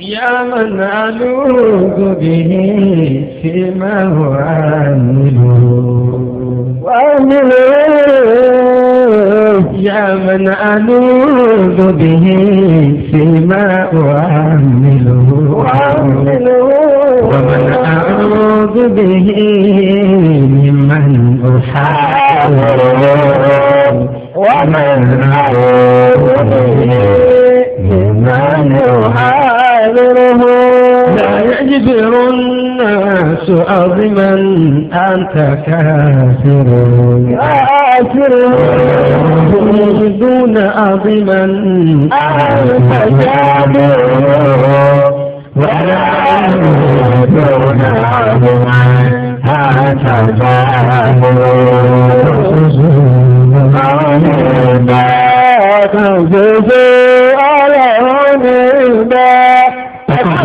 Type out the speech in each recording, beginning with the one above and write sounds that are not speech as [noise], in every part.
يا من ألوذ به فيما هو عامل وأمل يا من ألوذ به فيما أعمل ومن أعوذ به ممن أحاول ومن أعوذ به ممن أحاول قدره لا يجبر الناس عظما أنت كافر كافر يجدون عظما أنت كافر ولا يجبرون عظما أنت كافر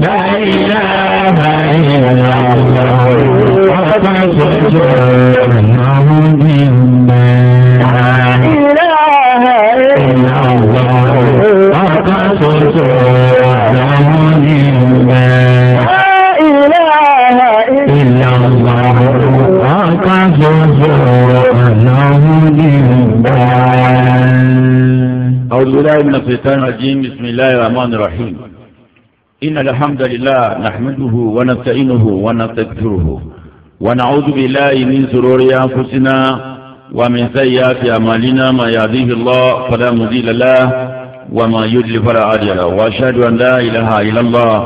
لا إله إلا الله إلا الله الله أعوذ بالله من الشيطان الرجيم بسم الله الرحمن الرحيم إن الحمد لله نحمده ونستعينه ونستغفره ونعوذ بالله من شرور أنفسنا ومن سيئات أعمالنا ما يهديه الله فلا مضل له وما يضلل فلا هادي له وأشهد أن لا إله إلا الله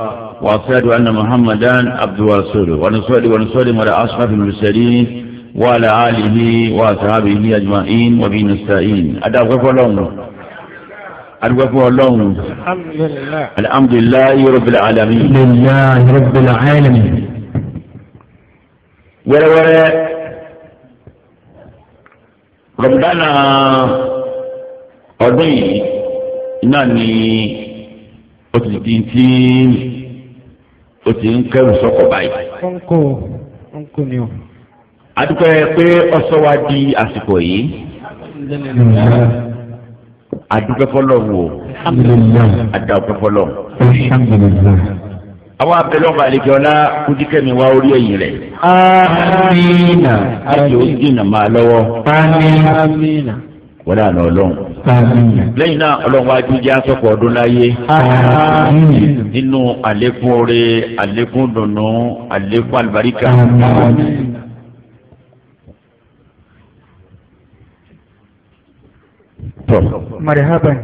وأشهد أن محمدا عبده ورسوله ونصلي ونسلم على أشرف المرسلين وعلى آله وأصحابه أجمعين وبه نستعين أدعوكم الله adúgbò fún ọlọ́run alhamdulilayi rabbil alamin. alhamdulilayi rabbil alamin. wẹ́rẹ́wẹ́rẹ́ rọ̀mùdánà ọdún yìí náà ni ó ti di tí ó ti ń kẹ́rù sọ́kọ̀ báyìí. ọ̀nkò ọ̀nkò ni o. adúgbò yẹ pé ọ̀sọ́ wa di àsìkò yìí adúpẹ́ fọlọ́hún o adáwọ̀pẹ́ fọlọ́hún. àwọn abẹ́lẹ́ ọba àlejò ọlá kúndíkẹ́mi wá orí ẹ̀yìn rẹ̀. amiina. láti ó dìnnà máa lọ́wọ́. amiina. wọ́n dà nà ọlọ́run. lẹ́yìn náà ọlọ́run wá jíjẹ́ asọ́pọ̀ ọdún láyé. nínú àlékún oore àlékún dùnú àlékún àlùbáríkà. tọ. marihaban.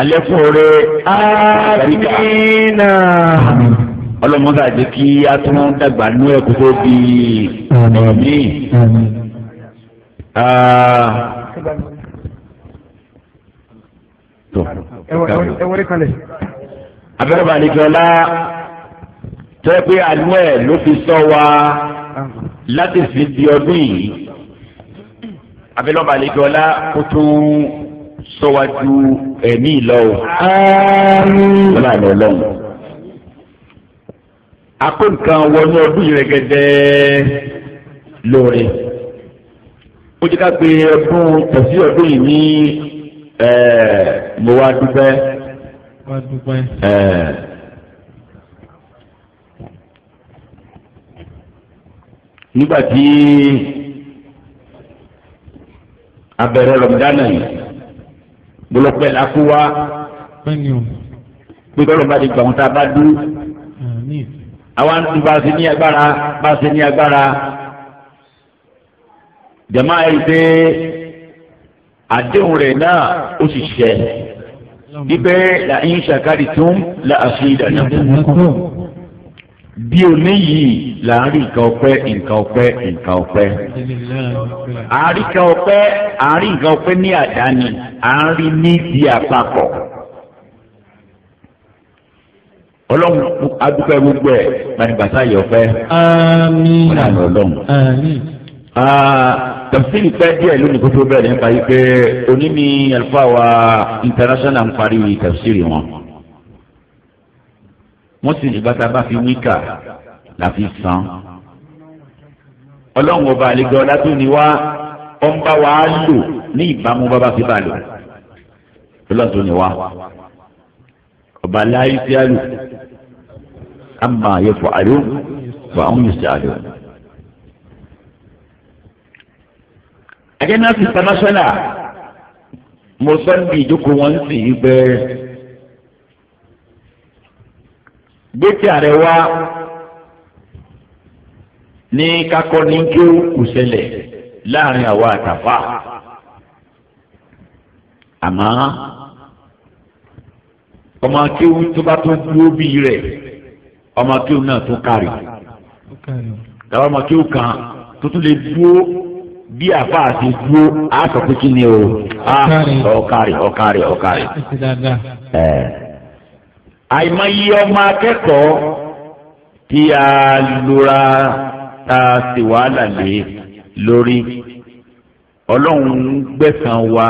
alẹ́ fún ọ̀rẹ́ àríkà. amiina. ọlọ́mọdé àti kí a tún dàgbà nú ẹ̀kú tó bí ẹ̀mí. tọ. ẹ wọlé kalẹ̀. abẹ́rẹ́ balẹ̀kẹ́lá tẹ́ pé àánú ẹ̀ ló fi sọ wa láti fi di ọdún yìí abẹ́lọ́balẹ̀kẹ́lá kó tún sọ́wájú ẹ̀mí ìlọ́wọ́. Bọ́lá àlọ́ ọlọ́run. Akó nǹkan wọnú ọdún yìí rẹ̀gẹ́dẹ́ lóore. Ó jẹ́ ká pé ọdún tẹ̀sí ọdún yìí ní mo wá dúpẹ́. Wá dúpẹ́. Nígbà tí abẹ̀rẹ̀ Rọ̀mùdánà yìí bọlọpẹ la kó wa pé kọlọ bá ti gbà wọn tá a bá dúró àwa ń tún bá a ṣe ní agbára bá a ṣe ní agbára jama yìí pé àdéhùn rẹ̀ náà ó sì ṣẹ ibẹ̀ là ń ṣàkárì tún là á ìdáná bí òní yìí là ń rí nǹkan ọpẹ́ nǹkan ọpẹ́ nǹkan ọpẹ́ àárí nǹkan ọpẹ́ àárí nǹkan ọpẹ́ ní àdáni à ń rí ní ti àpapọ̀ ọlọ́run adúpẹ́ gbogbo ẹ̀ gbanibasa yọ fẹ́ ọ̀nà ọlọ́run tafsiri pẹ́ díẹ̀ lónìí kó tó bẹ̀rẹ̀ nípa yìí pé oní ni wa international ń parí tafsiri wọn wọ́n sì ní bàtà bá fi wíkà láfi san. ọlọ́run ọba àlejò ọlátúni wá ó ń bá wa lò ní ìbámu bàbá fi bá lò ọlọ́túni wá ọba láyé sí àlò àmà yẹfọ àlò fà ń yẹ sí àlò. agẹ́nàfíì international mo sọ ìjókòó wọn sì ń bẹ́ẹ̀. gbẹ́tì ààrẹ wa ní kakọ́ ní kéwù kù sẹlẹ̀ láàrin àwa àtàfà àmọ́ ọmọ akéwù tó bá tó dúró bíi rẹ̀ ọmọ akéwù náà tó kárì tàwọn ọmọ akéwù kan tó tún lè dúró bí àfa àti dúró á sọ pé kí ni o á àìmọye ọmọ akẹ́kọ̀ọ́ tí a lura ta sì wàhálà lé lórí ọlọ́run gbẹ̀sán wa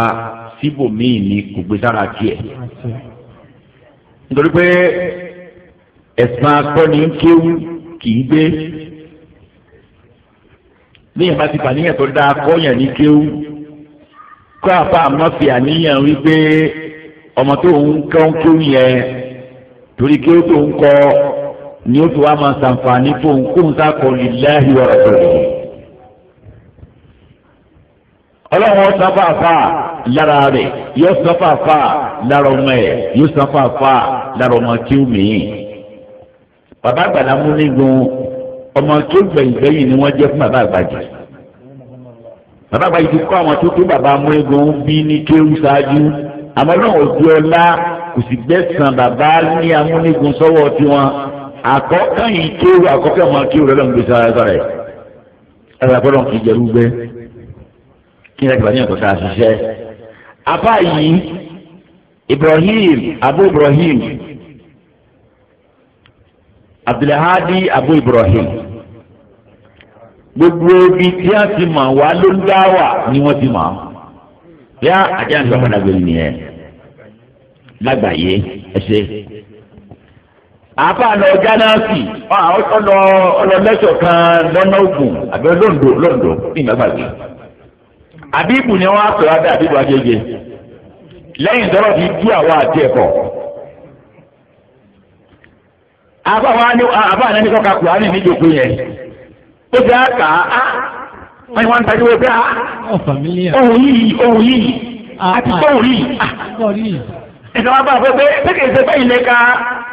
síbòmíì ni kò gbé sára tiẹ̀ nítorí pé ẹ̀sán akọ́ni ń kéwú kì í gbé níyàn bá ti bàníyàn tó dáa kọ́yàn ní kéwú kó àfa àmọ́ fi àníyàn wípé ọmọ tó ń kọ́ ń kéwú yẹn torí kí ó tó ń kọ ni ó tó wá máa ṣàǹfààní fóun kóun sá kọ lillahi wa rasulihi. ọlọ́run sábà fà lára rẹ̀ yóò sábà fà lára ọmọ ẹ̀ yóò sábà fà lára ọmọ tí ó mìíràn. bàbá àgbàlá múnigun ọmọ tó gbẹ̀yìngbẹ̀yìn ni wọ́n jẹ́ fún bàbá àgbàjì bàbá àgbàjì ti kọ́ àwọn tó tó bàbá amúnigun bí ní kéwù ṣáájú àmọ́ náà ò kò sì gbẹ̀sán bàbá ní amúnigun sọ́wọ́ tiwọn àkọ́kọ́ yìí kéwù àkọ́kọ́ ọmọ kéwù rẹ̀ lọ́n gbèsè ara sọ̀rọ̀ ẹ̀ ẹ̀rọ àgbọ̀dọ̀ kì í jẹ́ rúgbẹ́ kí ni àgbàdo yẹn kò sá àṣìṣe. apá yìí Ibrahim Abu Ibrahim Abdulhadi Abu Ibrahim gbogbo ibi tí a ti mọ̀ wá ló ń dá wà ni wọ́n ti mọ̀ ọ́ bí a àti àti ọ̀pọ̀ nàgbẹ̀rẹ̀ nìyẹn. lágbàáyé ẹsẹ. àbá lọ jánásì ọlọ ọlọ lẹsọ kan lọ́nà Ògùn àbẹ lóńdó lóńdó ní ìgbàgbàgbé. àbíbù ni wọn á sọ adé àbíbù àjẹjẹ tọrọ fi dú àwọn àti ẹ̀kọ́. àbá wa ni àbá nani kọ́ yẹn ó á á wọ́n ń wọ́n pé á ẹ̀sán wa bá a fọ pé pé kì í ṣe fẹ́yìn lẹ́ka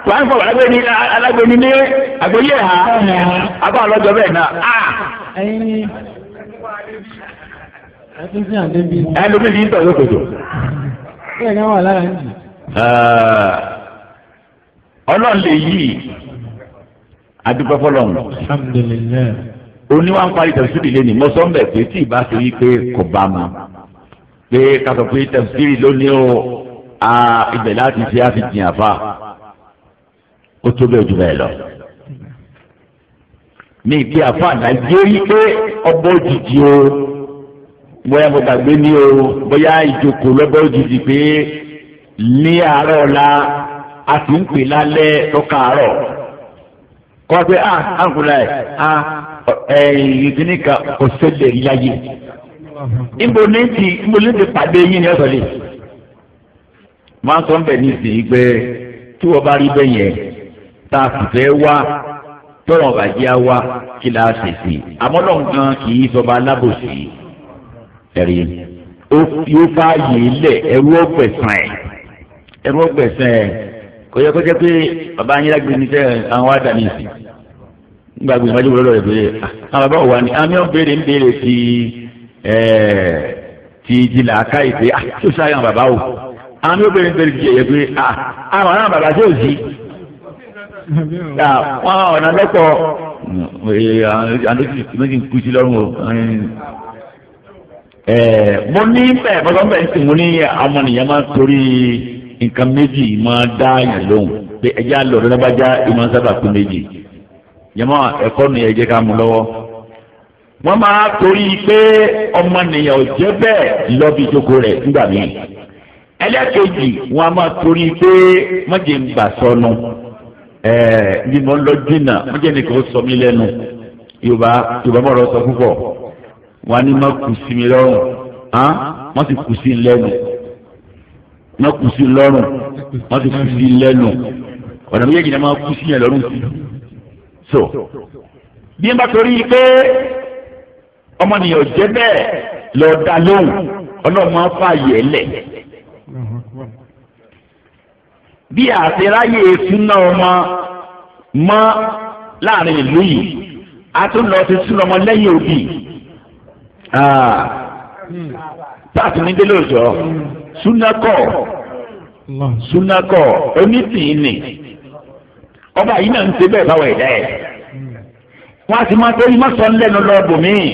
wà ń fọ alágbèéní alágbèéní ní àgbéyé ha abá ọlọ́jọ́ bẹ́ẹ̀ náà. ẹlòmí ni ìtọ̀ yóò kòtò. ọlọ́run lè yí adúpẹ́ fọlọ́run. oníwà ń parí tẹ̀síìdì lẹ́nu mọ́sánbẹ̀ pé tí ì bá ṣe yí pé kò bá ma pé kásọ̀ pé tẹ̀síìdì lónìí o a ah, ibẹ̀ láti ṣe á fi jìn àfa ó tó bẹ́ẹ̀ jù bẹ́ẹ̀ lọ. ní ìpè àfa nàìjírí pé ọgbọ́ òjijì o bóyá mo gbàgbé ní o bóyá ìjókòó lọ́gbọ́ òjijì pé ní àárọ̀ ọ̀la a ti ń pè lálẹ́ lọ́ka àárọ̀ kọ́ pé a àǹkùnlá ẹ̀ a ẹ̀yìn kìíní kan kò ṣẹlẹ̀ láyé. níbo ní ti níbo ní ti pàdé yín ni ọ̀sán lè máa sọ ń bẹ̀ nísìnyí pé tí wọ́n bá rí bẹ́ẹ̀ yẹn tá a sì fẹ́ wá tọrọ bàjẹ́ wa kí la ṣe sí i àmọ́lọ́ nǹkan kì í sọba alábòsí ẹ̀rí ó fi ó bá yìí lẹ̀ ẹrú ọ̀gbẹ̀sán ẹ̀ ẹrú ọ̀gbẹ̀sán ẹ̀ kò yẹ kó jẹ́ pé bàbá yín lágbè ní sẹ́ àwọn wá dàní sí nígbà gbé ìwájú lọ́dọ̀ rẹ̀ pé ah, àwọn bàbá wà ní àmì ọ̀bẹ̀rẹ̀ ń béèrè ti ti ti làákà ìpè àti ah, ó sáyà bàbá o àwọn mi ò gbèrè nítorí kìí ṣe pé àwọn àwọn bàbá tí ò sí wọn ọ̀nà lọ́pọ̀ méjì ń kú sí lọ́rùn o. mo ní bẹ́ẹ̀ bọ́sọ̀ ń bẹ̀ ń sìn mo ní àwọn ènìyàn máa torí nǹkan méjì máa dá yàn lóhùn pé ẹja lọ ọ̀dọ́ lágbájá ìmọ̀ sábà pé méjì yàmọ́ ẹ̀kọ́ nìyẹn jẹ́ ká mú lọ́wọ́ wọ́n máa torí pé ọmọnìyàn ò jẹ́ bẹ́ẹ̀ lọ́bi ìjókòó rẹ̀ nígbà míì ẹlẹ́kejì wọn a máa torí pé mọ̀jẹ̀ ń gbà sọnù ẹ̀ẹ́ bí mo lọ dínà mọ̀jẹ̀ nìkan sọ mí lẹ́nu yorùbá yorùbá bọ̀ lọ sọ púpọ̀ wọn ni má kù sí mi lọ́rùn hàn wọ́n sì kù sí i lẹ́nu má kù sí i lọ́rùn wọ́n sì kù sí i lẹ́nu ọ̀nà méjèèjì náà máa kù yẹn lọ́rùn sí so bí n bá torí pé ọmọnìyàn jẹ́ bẹ́ẹ̀ lọ́ọ́ dá lóhùn ọlọ́run máa fà yẹ̀ lẹ̀ bí àtiráyè súná ọmọ mọ́ láàrin ìlú yìí a tún lọ sí súná ọmọ lẹ́yìn òbí ah. táàtì ní délé òjò súnákọ̀ súnákọ̀ onítìí nì ọba yìí náà ń ṣe bẹ́ẹ̀ báwa ẹ̀dá ẹ̀ hmm. wọ́n á ti máa tẹ́lẹ̀ mọ́sán lẹ́nu lọ́ọ́ bòmíì.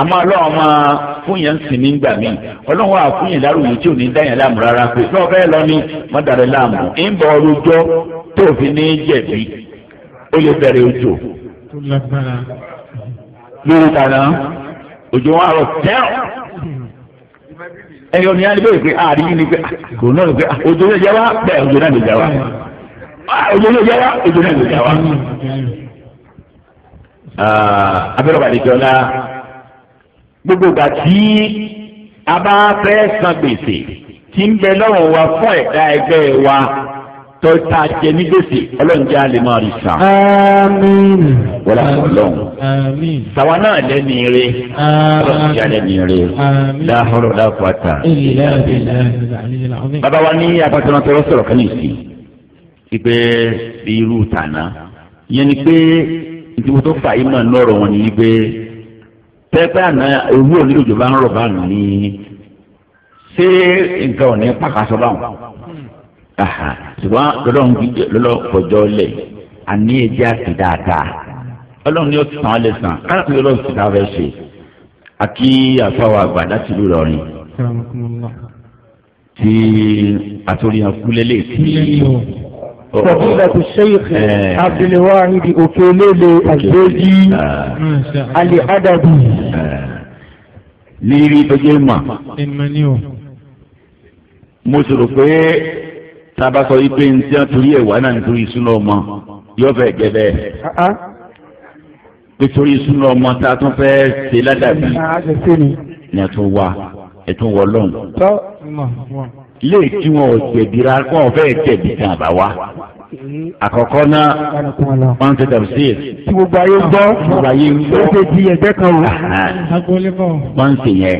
àmọ́ ọlọ́run máa fún yẹn ń sìn ní gbà mí ọlọ́run wà fún yẹn tí ò ní dáyẹn láàmú rárá pé lọ́ọ́ bẹ́ẹ̀ lọ ní mọ́tàrẹ́ láàmú ń bọ̀ ọlọ́jọ́ tó fi ní jẹ̀bi ó lè bẹ̀rẹ̀ lórí wọn àrò tẹ́ọ̀ ẹ̀yọ́ ni pé àárín ah, ni pé náà ah, pé bẹ́ẹ̀ náà lè ah, náà lè gbogbo ìgbà tí a bá fẹ́ san gbèsè tí ń bẹ lọ́wọ́ wa fún ẹ̀dá ẹgbẹ́ wa tó ta jẹ ní gbèsè ọlọ́njẹ́ a lè máa rí san. àmín. wọ́n á sọ lọ́hùn. àmín. sàwa náà lẹ́ni ire. ọlọ́njẹ́ a lẹ́ni ire. láhùrọ̀ láfàtà. bàbá wa ní abájọ́nà tó sọ̀rọ̀ kan nìsí. ìgbẹ́ irú tànà yẹn ni pé ìdìbò tó fà yín mọ̀ ní wọn ni wípé tẹ́pẹ́ àná ewu òní òjò bá ń rọ̀ báyìí ní ṣé nǹkan ò ní pàkàṣọ báwọn. ṣùgbọ́n lọ́dọ̀ ń gbé lọ́lọ́ lẹ̀ àní ẹ̀jẹ̀ àti dáadáa ọlọ́run ni ó tàn án lè sàn káàkiri ọlọ́run ti ta fẹ́ ṣe àkí àfáwọ̀ àgbà láti ìlú Ìlọrin tí àtòrí àkúlẹ̀ lè kí. فضيلة الشيخ عبد الواحد أكيليلي الزوجي الأدبي lérí tó jẹ́ mà. mo sọ̀rọ̀ pé tá a bá sọ wípé ní tí wọ́n torí ẹ̀ wá náà nítorí ìsúná ọmọ yóò fẹ́ jẹ́ bẹ́ẹ̀. nítorí ah, ah. ìsúná ọmọ tá a tún fẹ́ ṣe ládàbí ah, ni a tún wá ẹ̀ tún wọ́ lọ́hùn léè tí wọn ò jẹ̀bi ra kó wọn fẹ́ẹ́ jẹ̀bi tán àbá wa. àkọ́kọ́ náà wọ́n ń tẹ̀tẹ̀ sí i. tí gbogbo ayé gbọ́ gbogbo ayé ń gbọ́. ó ti di ẹgbẹ́ kan o. wọ́n ń sè yẹn.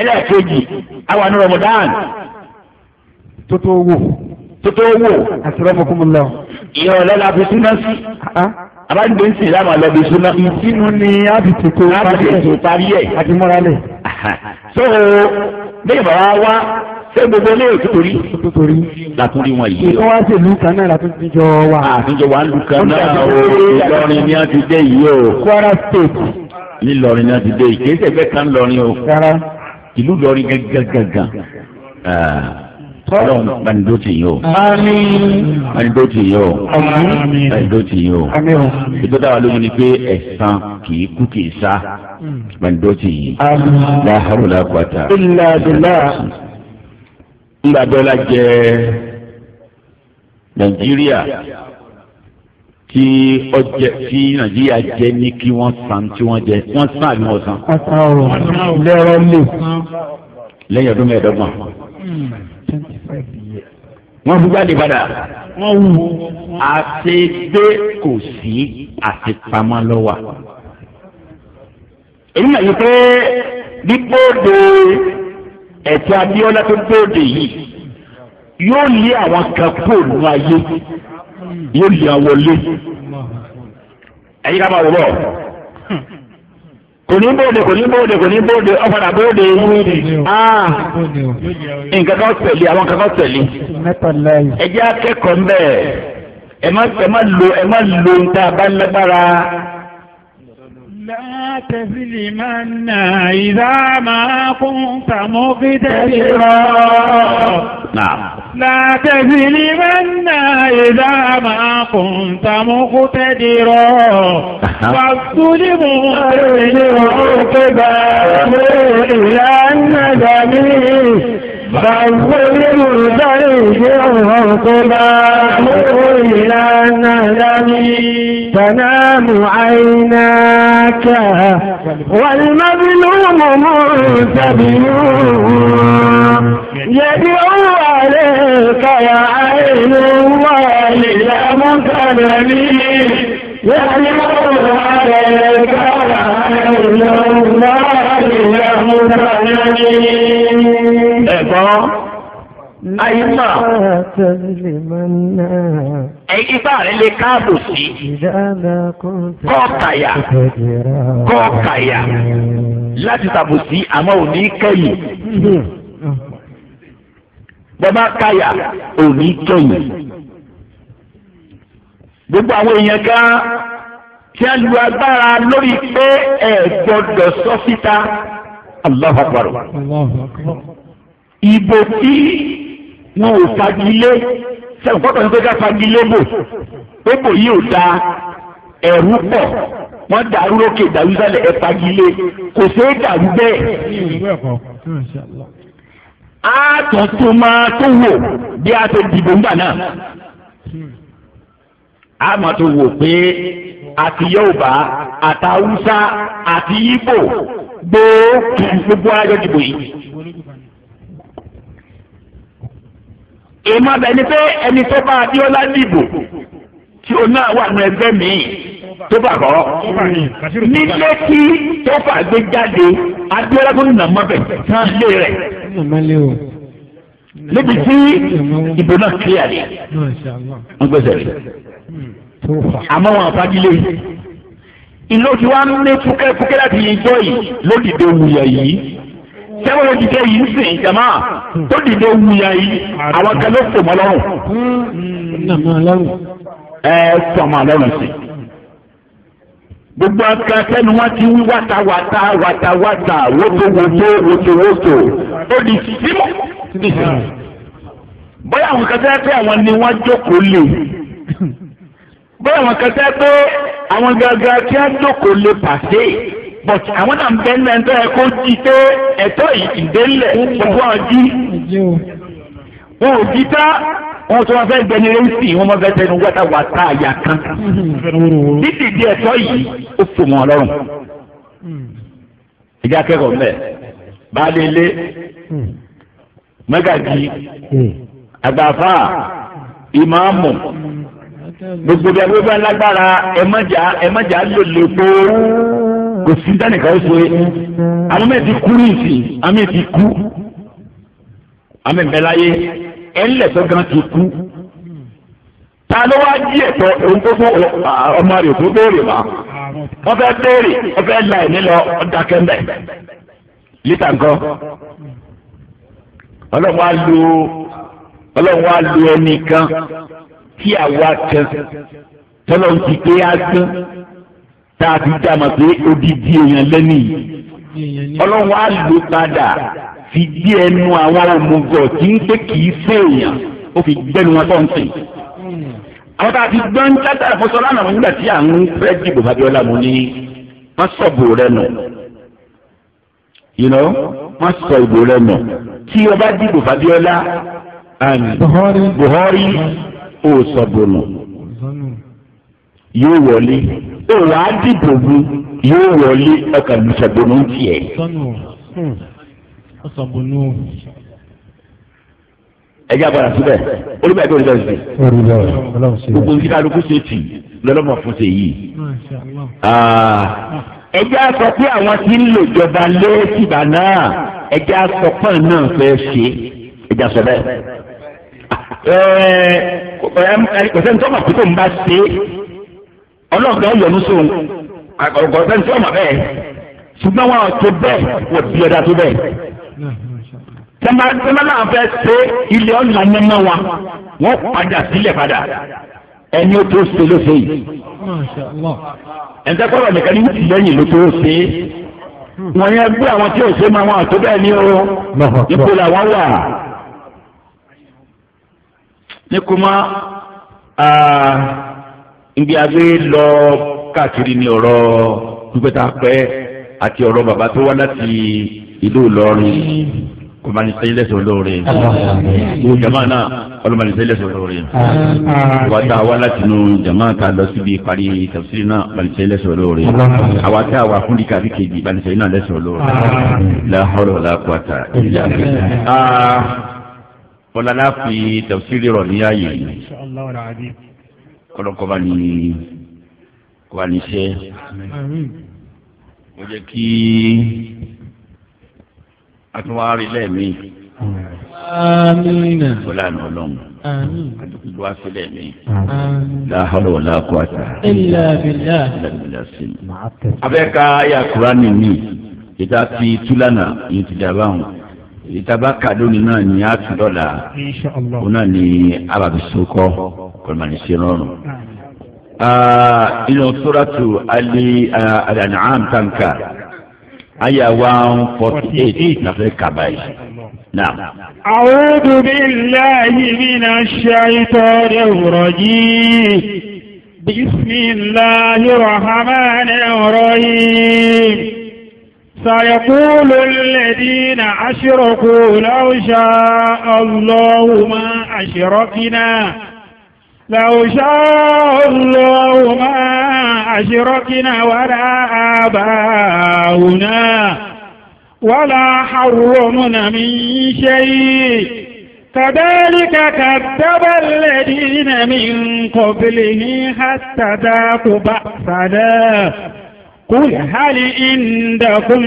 ẹlẹ́ẹ̀kejì àwa ní Ramadan. tó tó wò. tó tó wò. àtúrọ̀ fọkùnrin lọ. ìyọ̀ lọ́la fi túná sí abájúgbé ń sìn láwọn àlọ́ bí súná. ìsinú ni a ti parí ẹ̀. a ti parí ẹ̀. a ti múra lẹ̀. so wá ṣé gbogbo ilé òtútùrí látúrí wọn yìí. ìtọ́ wá sí ìlú kan náà látún ti jọ wà. àtúnjọ wà ń lu kan náà o Ìlọrin ni a ti dé yìí o. Kwara State. ní Ìlọrin ni a ti dé yìí kì í ṣẹ̀gbẹ́ kan lọrin o. rárá. ìlú Ìlọrin gangan ọlọ́run gbàǹdó tì yín o. gbàǹdó tì yín o. gbàǹdó tì yín o. ètò dáwà lóhun ni pé ẹ̀sán kì í kú kì í sá. gbàǹdó tì yín. láhàrúlà pàtà. ìlà àdìlà ńgbà dọ́là jẹ nàìjíríà tí ọjẹ tí nàìjíríà jẹ ní kí wọ́n san tí wọ́n jẹ wọ́n san àbí wọ́n san. lẹ́rọ lè. lẹ́yìn ọdún mẹ́ẹ̀ẹ́dọ́gbọ̀n. wọ́n fi jáde padà. wọ́n wù àtẹgbẹ́ kò sí àtẹpamọ́ lọ́wọ́. èyí náà pé dípò de ẹ̀tẹ́ Abíọ́lá tó gbòde yìí yóò lé àwọn kan kúrò nínú ayé yóò lé àwọn lé ẹ̀yin ká máa wò bọ̀ kò ní bóde kò ní bóde kò ní bóde ọ̀padà bóde ah, nǹkan kan tẹ̀lé àwọn nǹkan kan tẹ̀lé ẹ jẹ́ akẹ́kọ̀ọ́ ń bẹ̀ ẹ má lo ẹ má lo ń ta abánilágbára. تسلمن إذا ما كنت مقتدرا نعم لا تسلمن إذا ما كنت مقتدرا فاظلم تجر عقباه إلى الندم تنام عيناك والمظلوم منتبه يدعو عليك يا عين الله لمسلمين يدعو عليك يا عين الله ẹ̀gbọ́n àyíká ìgbà rẹ̀ lè káàbò sí kọ́ọ̀kàyà kọ́ọ̀kàyà láti tàbùsí àmọ́ ò ní kẹ́yìn bọ́bá káyà ò ní kẹ́yìn gbogbo àwọn èèyàn kan tí a lu agbára lórí pé ẹ gbọ́dọ̀ sọ́fíta. Allahu Akbar. Ìbò tí wọn ò fagilé sẹ́wọ̀n kọ́tọ̀ ní pé ká fagilé bò pé bò yìí ò da ẹ̀rú pọ̀ wọ́n dàrú lókè dàrú sálẹ̀ ẹ̀ fagilé kò ṣeé dàrú bẹ́ẹ̀. A tún tún máa tó wò bí a ti dìbò ńgbà náà. A máa tó wò pé àti Yorùbá àti Haúsá àti Ìgbò gbòó gbogbo ayọ̀ dìbò yìí. èèmọ̀ bẹ̀ ni pé ẹni tó bá Abíọ́lá dìbò tí o náà wà ní ẹgbẹ́ mi tó bá kọ́ nílé kí tó fà gbé jáde Abíọ́lá tó nà mọ́ bẹ̀ tán lé rẹ̀ níbi tí ìbò náà kílíà ni àmọ́ wọn àfagilé yìí ìlú ti wá ní fúkẹ́fúkẹ́ láti ijọ́ yìí ló dìde wuyà yìí sẹ́wọ́n ló dìde yìí ń sìn jama tó dìde wuyà yìí àwọn kan ló fò mọ́ lọ́rùn ẹ sọmọ lọ́rùn sí gbogbo akẹ́kẹ́ni wọ́n ti wí wátawàta wátawàta wótòwótò wótòwótò ó di símú bóyá àwọn kan tẹ́ pé àwọn ni wọ́n jókòó lè bóyá àwọn kan tẹ́ pé àwọn gàgà tí a jókòó lè pàṣẹ but àwọn náà ń bẹ ní ẹni tó yẹ kó jí pé ẹ̀tọ́ ìdélẹ gbogbo àwọn jí wọn ò jí tá wọn tó wọn fẹẹ gbẹni lẹsìn wọn fẹẹ tẹnu wátawàtá àyà kan dídìdí ẹ̀tọ́ yìí ó fò mọ́ Ọlọ́run ìjà kẹ́kọ̀ọ́ mẹ baálé ilé mẹgàjì àgbàfà ìmáàmù gbogbo bí abúlé bá ń lágbára ẹ̀mọ́jà ẹ̀mọ́jà lòlè kóró kò sí dánìkan ó ṣe àwọn mẹ́ẹ̀ ti kú nìsín àmì ti kú àmì ìbẹ́láyé ẹ̀ńlẹ̀tọ́ gan ti kú ta ló wá jí ẹ̀tọ́ òun tó fún ọmọ rẹ̀ tó béèrè wá wọ́n fẹ́ béèrè wọ́n fẹ́ la ẹ̀mí lọ ọ̀dà kẹ́mbẹ̀ lítà nǹkan ọlọ́run wá lu ọlọ́run wá lu ẹnìkan tí àwa kan tọ́lọ́ ti pé á gbọ́n tá a ti dá ma pé odidi èèyàn lẹ́nu yìí ọlọ́run á lò padà fi dí ẹnu àwọn òmùgọ̀ tí ń pé kì í fẹ́ èèyàn ó fi gbẹ́nu wọn tọ́ǹtì. àwọn tá a ti gbọ́n tátàrà fọṣọ lánàá wọn nígbà tí à ń fẹ́ dìbò Fabiola mo ní wọ́n rẹ nù yìnyín wọ́n rẹ nù tí ọba dìbò Fabiola um, Buhari ó sọ̀bùnù yóò wọlé ó wàá dìbò bu yóò wọlé ọkàn sọ̀bùnù tiẹ̀. ẹjẹ abala síbẹ̀ olùbẹ̀ ẹgbẹ́ olùbẹ̀ síbẹ̀ gbogbo ní kálukú ṣe tì lọ́lọ́mọ fún ṣe yìí. ẹjẹ sọ pé àwọn tí ń lò jọba lé tìgbà náà ẹjẹ sọ pọ́n náà fẹ́ ṣe ẹjẹ sọ bẹ́ẹ̀ kò sẹ́ni tó ma pípé ń bá ṣe ọlọ́ọ̀gá ìyọ̀nù sóun kò sẹ́ni tó ma bẹ́ẹ̀ ṣùgbọ́n wọn tó bẹ́ẹ̀ wọ́n bí ẹ̀dá tó bẹ́ẹ̀. tẹ́lẹ̀ náà fẹ́ ṣe ilé ọ̀nà nínú wa wọ́n padà sílẹ̀ padà ẹni ó tó ṣe ló ṣe yìí. ẹ̀ńtẹ́ kọ́lọ̀ nìkan ní wùtí lẹ́yìn ló tó ṣe é. wọ́n yẹn gbé àwọn tí ò ṣe máa wọn àtó bẹ́ẹ̀ ní o. ipò làwọn wà ní kuma nbí ah, agbé lọ káàkiri ní ọ̀rọ̀ pípẹ́tàpẹ́ àti ọ̀rọ̀ bàbá tó wá láti ìlú Ìlọrin kò máa ní sẹ́yìn lẹ́sẹ̀ olóore jama náà ọlọ́mọ ní sẹ́yìn lẹ́sẹ̀ olóore àwa tá a wá láti nu jama tá a lọ síbi ìparí tafsiri náà bani sẹ́yìn lẹ́sẹ̀ àwa tá a wà fún kejì bani náà lẹ́sẹ̀ olóore la hawla wala quwwata mọ̀lá náà fi tẹ̀síìrì rọ̀ ní ààyè yìí kọ́lọ́kọ́ba ní kọ́ba ní iṣẹ́ mo jẹ́ kí atúwárí lẹ́ẹ̀mí amiina wọlé àná ọlọ́run adúgbò wa fi lẹ́ẹ̀mí láhàlọ́ wọlé àkọ́ta ilà bìlà ilà bìlà abẹ́ka ayé àkùrá nìyí ìdá fi túlànà yìí ti dàbà wọn ìtabaka lónìí náà ni a tún dọ̀la òun náà ni arabisokọ kọlùmọ̀lẹ́sẹ̀ rọrùn. Ah, inú sóràtù ah, al-An'am tanka aya one forty eight nàfẹ́ kaba yìí. أعوذ بالله من الشيطان الرجيم بسم الله الرحمن الرحيم سيقول الذين أشركوا لو شاء الله ما أشركنا لو شاء الله ما أشركنا ولا آباؤنا ولا حرمنا من شيء كذلك كذب الذين من قبله حتى ذاقوا بأسنا قل هل عندكم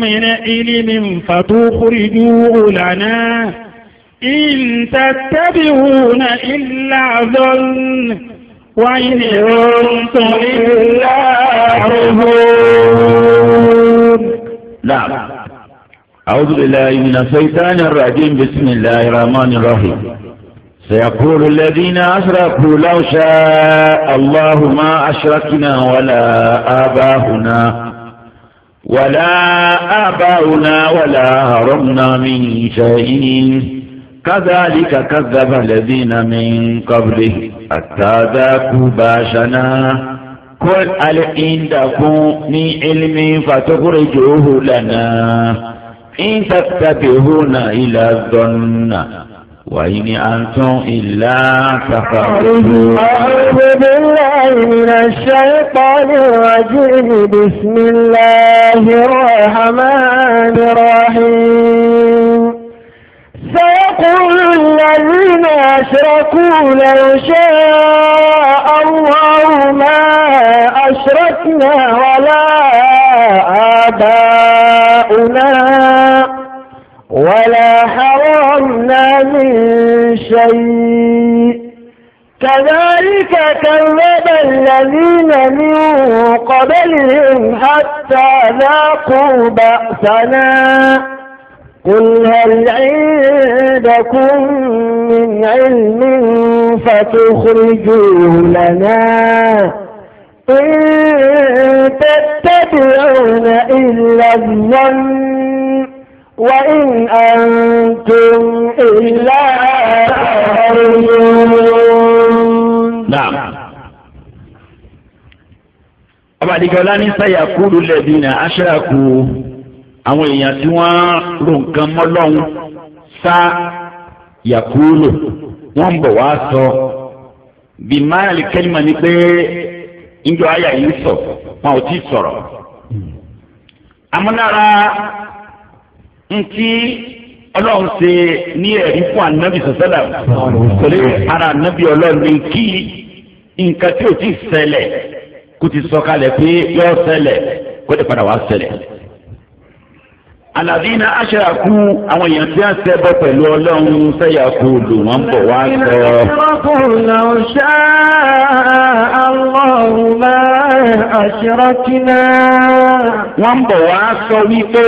من علم فتخرجوه لنا إن تتبعون إلا ظن وإن أنتم إلا عرفون نعم أعوذ بالله من الشيطان الرجيم بسم الله الرحمن الرحيم سيقول الذين أشركوا لو شاء الله ما أشركنا ولا آباؤنا ولا آباؤنا ولا هرمنا من شيء كذلك كذب الذين من قبله حتى ذاقوا باشنا قل ألا عندكم من علم فتخرجوه لنا إن تتبعون إلى الظن وإن أنتم إلا كفرتم أعوذ بالله من الشيطان الرجيم بسم الله الرحمن الرحيم سيقول الذين أشركوا لو شاء الله ما أشركنا ولا آباؤنا من شيء كذلك كذب الذين من قبلهم حتى ذاقوا بأسنا قل هل عندكم من علم فتخرجوه لنا إن تتبعون إلا الظن وإن أنتم إلا تعلمون نعم ọbaàdìgá ọlá ní sáyà kúrú lẹ́bìnà aṣáàkú àwọn èèyàn tí wọ́n wọ́n bọ̀ wá sọ bí máàlì kẹ́lìmọ̀ ni pé ìjọ àyà yìí sọ̀ wọn ò tí sọ̀rọ̀ ntí ọlọ́run ṣe ní ẹ̀rí fún anabi sọ́sẹ́là torí ara anabi ọlọ́run ní kí nǹkan tí ò ti ṣẹlẹ̀ kò ti sọ kalẹ̀ pé yọ ṣẹlẹ̀ kó lè padà wá ṣẹlẹ̀. Àlàdínà aṣáàkú àwọn èèyàn tí a ṣe bọ́ pẹ̀lú ọlọ́run sẹ́yàkú lò wọ́n bọ̀ wá sọ. Ìrọ̀kùnrin ọ̀ṣà Allahu máa àṣírọ́kínà. Wọ́n bọ̀ wá sọ wípé